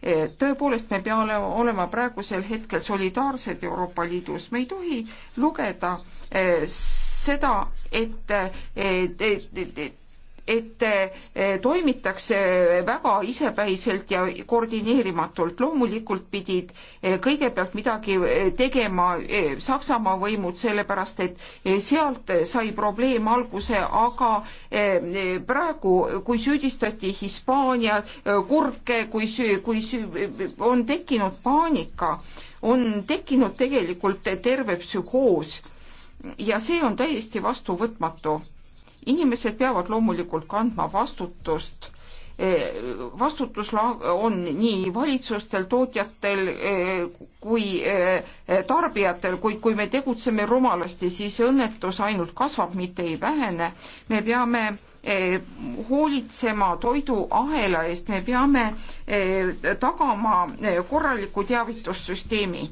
eh, tõepoolest me peame olema praegusel hetkel solidaarsed Euroopa Liidus, me ei tohi lugeda seda, et, et, et, et et eh, toimitakse väga isepäiselt ja koordineerimatult. loomulikult pidid eh, kõigepealt midagi eh, tegema Saksamaa võimud, sellepärast et sealt sai probleem alguse, aga praegu, kui süüdistati Hispaania kurke, kui süü, kui süü, on tekkinud paanika, on tekkinud tegelikult terve psühhoos ja see on täiesti vastuvõtmatu inimesed peavad loomulikult kandma vastutust eh, vastutus on nii valitsustel, tootjatel eh, kui eh, tarbijatel, kuid kui me tegutseme rumalasti, siis õnnetus ainult kasvab, mitte ei vähene. me peame hoolitsema toiduahela eest, me peame tagama korraliku teavitussüsteemi.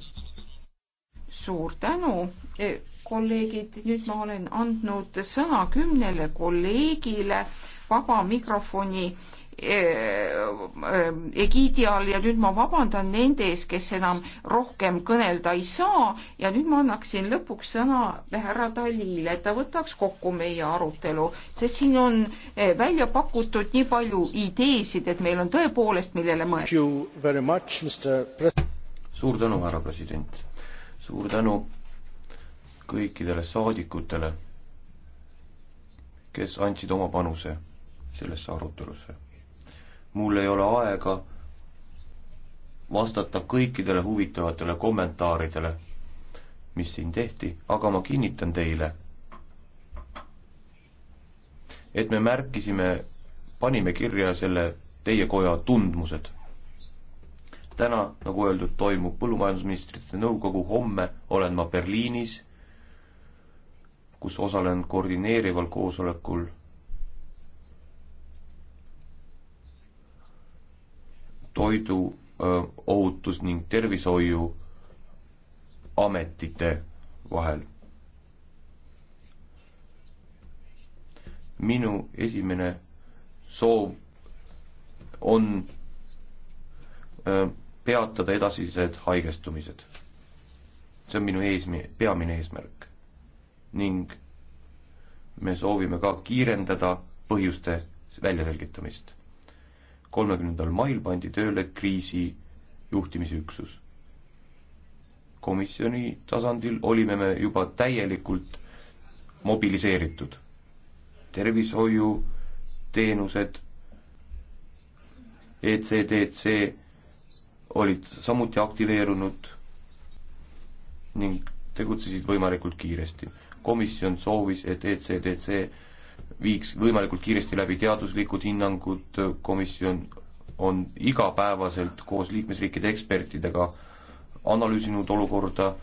suur tänu kolleegid, nüüd ma olen andnud sõna kümnele kolleegile vaba mikrofoni eh, eh, egiidi all ja nüüd ma vabandan nende ees, kes enam rohkem kõnelda ei saa ja nüüd ma annaksin lõpuks sõna härra Talile, et ta võtaks kokku meie arutelu, sest siin on eh, välja pakutud nii palju ideesid, et meil on tõepoolest, millele mõelda. suur tänu, härra president. suur tänu kõikidele saadikutele, kes andsid oma panuse sellesse arutelusse. mul ei ole aega vastata kõikidele huvitavatele kommentaaridele, mis siin tehti, aga ma kinnitan teile, et me märkisime, panime kirja selle teie koja tundmused. täna, nagu öeldud, toimub Põllumajandusministrite Nõukogu, homme olen ma Berliinis kus osalen koordineerival koosolekul toidu ohutus ning tervishoiu ametite vahel. minu esimene soov on peatada edasised haigestumised. see on minu eesmi-, peamine eesmärk ning me soovime ka kiirendada põhjuste väljaselgitamist. kolmekümnendal mail pandi tööle kriisi juhtimisüksus. komisjoni tasandil olime me juba täielikult mobiliseeritud. tervishoiu teenused, ECDC olid samuti aktiveerunud ning tegutsesid võimalikult kiiresti komisjon soovis, et ECDC viiks võimalikult kiiresti läbi teaduslikud hinnangud, komisjon on igapäevaselt koos liikmesriikide ekspertidega analüüsinud olukorda,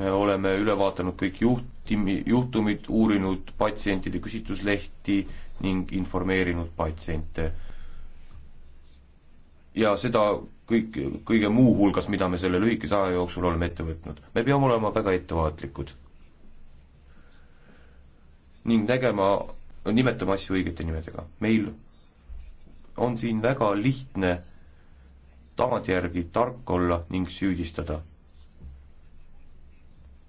me oleme üle vaadanud kõik juhtimi, juhtumid, uurinud patsientide küsitluslehti ning informeerinud patsiente. ja seda kõik, kõige muu hulgas, mida me selle lühikese aja jooksul oleme ette võtnud. me peame olema väga ettevaatlikud ning nägema, nimetama asju õigete nimedega. meil on siin väga lihtne tagantjärgi tark olla ning süüdistada.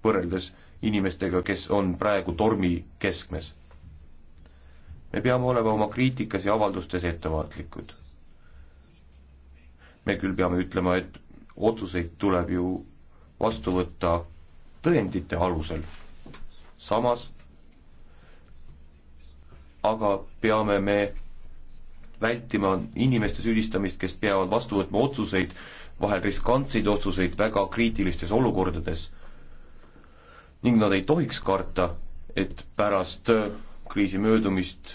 võrreldes inimestega, kes on praegu tormi keskmes. me peame olema oma kriitikas ja avaldustes ettevaatlikud. me küll peame ütlema, et otsuseid tuleb ju vastu võtta tõendite alusel. samas aga peame me vältima inimeste süüdistamist, kes peavad vastu võtma otsuseid, vahel riskantseid otsuseid väga kriitilistes olukordades. ning nad ei tohiks karta, et pärast kriisi möödumist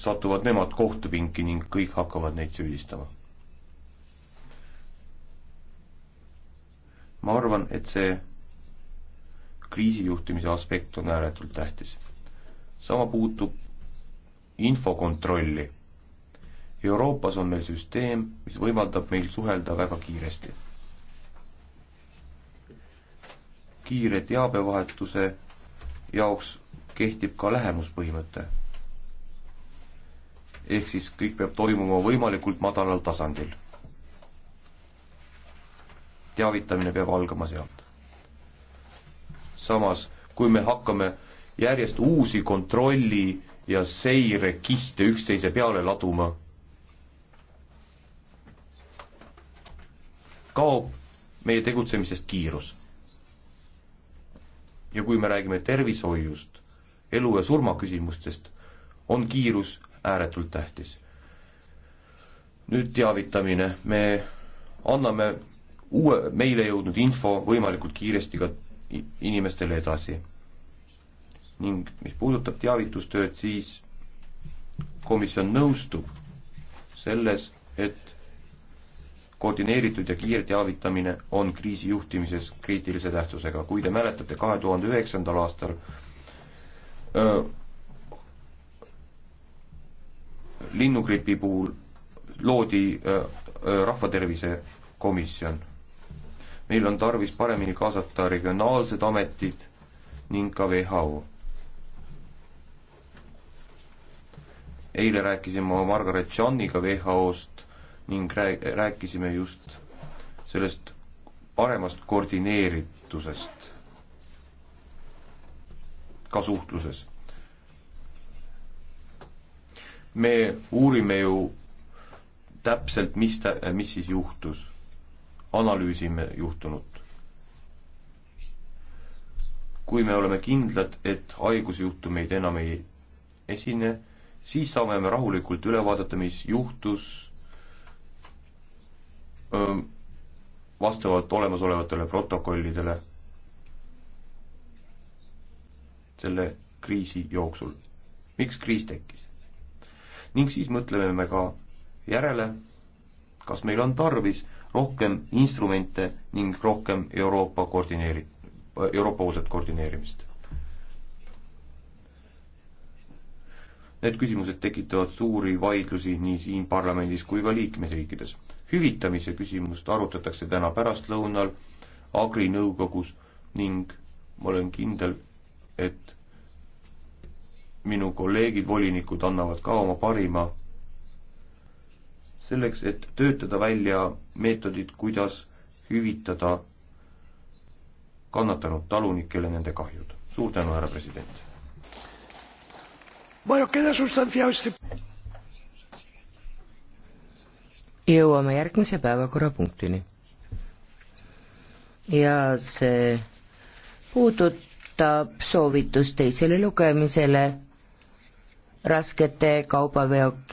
satuvad nemad kohtupinki ning kõik hakkavad neid süüdistama. ma arvan, et see kriisijuhtimise aspekt on ääretult tähtis. sama puutub infokontrolli. Euroopas on meil süsteem, mis võimaldab meil suhelda väga kiiresti. kiire teabevahetuse jaoks kehtib ka lähemuspõhimõte. ehk siis kõik peab toimuma võimalikult madalal tasandil. teavitamine peab algama sealt. samas, kui me hakkame järjest uusi kontrolli ja seirekihte üksteise peale laduma. kaob meie tegutsemisest kiirus. ja kui me räägime tervishoiust, elu ja surma küsimustest, on kiirus ääretult tähtis. nüüd teavitamine, me anname uue, meile jõudnud info võimalikult kiiresti ka inimestele edasi ning mis puudutab teavitustööd, siis komisjon nõustub selles, et koordineeritud ja kiire teavitamine on kriisijuhtimises kriitilise tähtsusega. kui te mäletate, kahe tuhande üheksandal aastal öö, linnugripi puhul loodi öö, rahvatervise komisjon. meil on tarvis paremini kaasata regionaalsed ametid ning ka WHO eile rääkisin ma Margaret Johniga WHO-st ning rääkisime just sellest paremast koordineeritusest ka suhtluses. me uurime ju täpselt, mis ta, mis siis juhtus, analüüsime juhtunut. kui me oleme kindlad, et haigusjuhtumeid enam ei esine, siis saame me rahulikult üle vaadata, mis juhtus vastavalt olemasolevatele protokollidele selle kriisi jooksul. miks kriis tekkis? ning siis mõtleme me ka järele, kas meil on tarvis rohkem instrumente ning rohkem Euroopa koordineeri-, Euroopa-poolset koordineerimist. Need küsimused tekitavad suuri vaidlusi nii siin parlamendis kui ka liikmesriikides. hüvitamise küsimust arutatakse täna pärastlõunal Agri nõukogus ning ma olen kindel, et minu kolleegid, volinikud annavad ka oma parima selleks, et töötada välja meetodid, kuidas hüvitada kannatanud talunikele nende kahjud. suur tänu, härra president! Bueno, queda sustanciado este... jõuame järgmise päevakorrapunktini. ja see puudutab soovitust teisele lugemisele raskete kaubaveok-.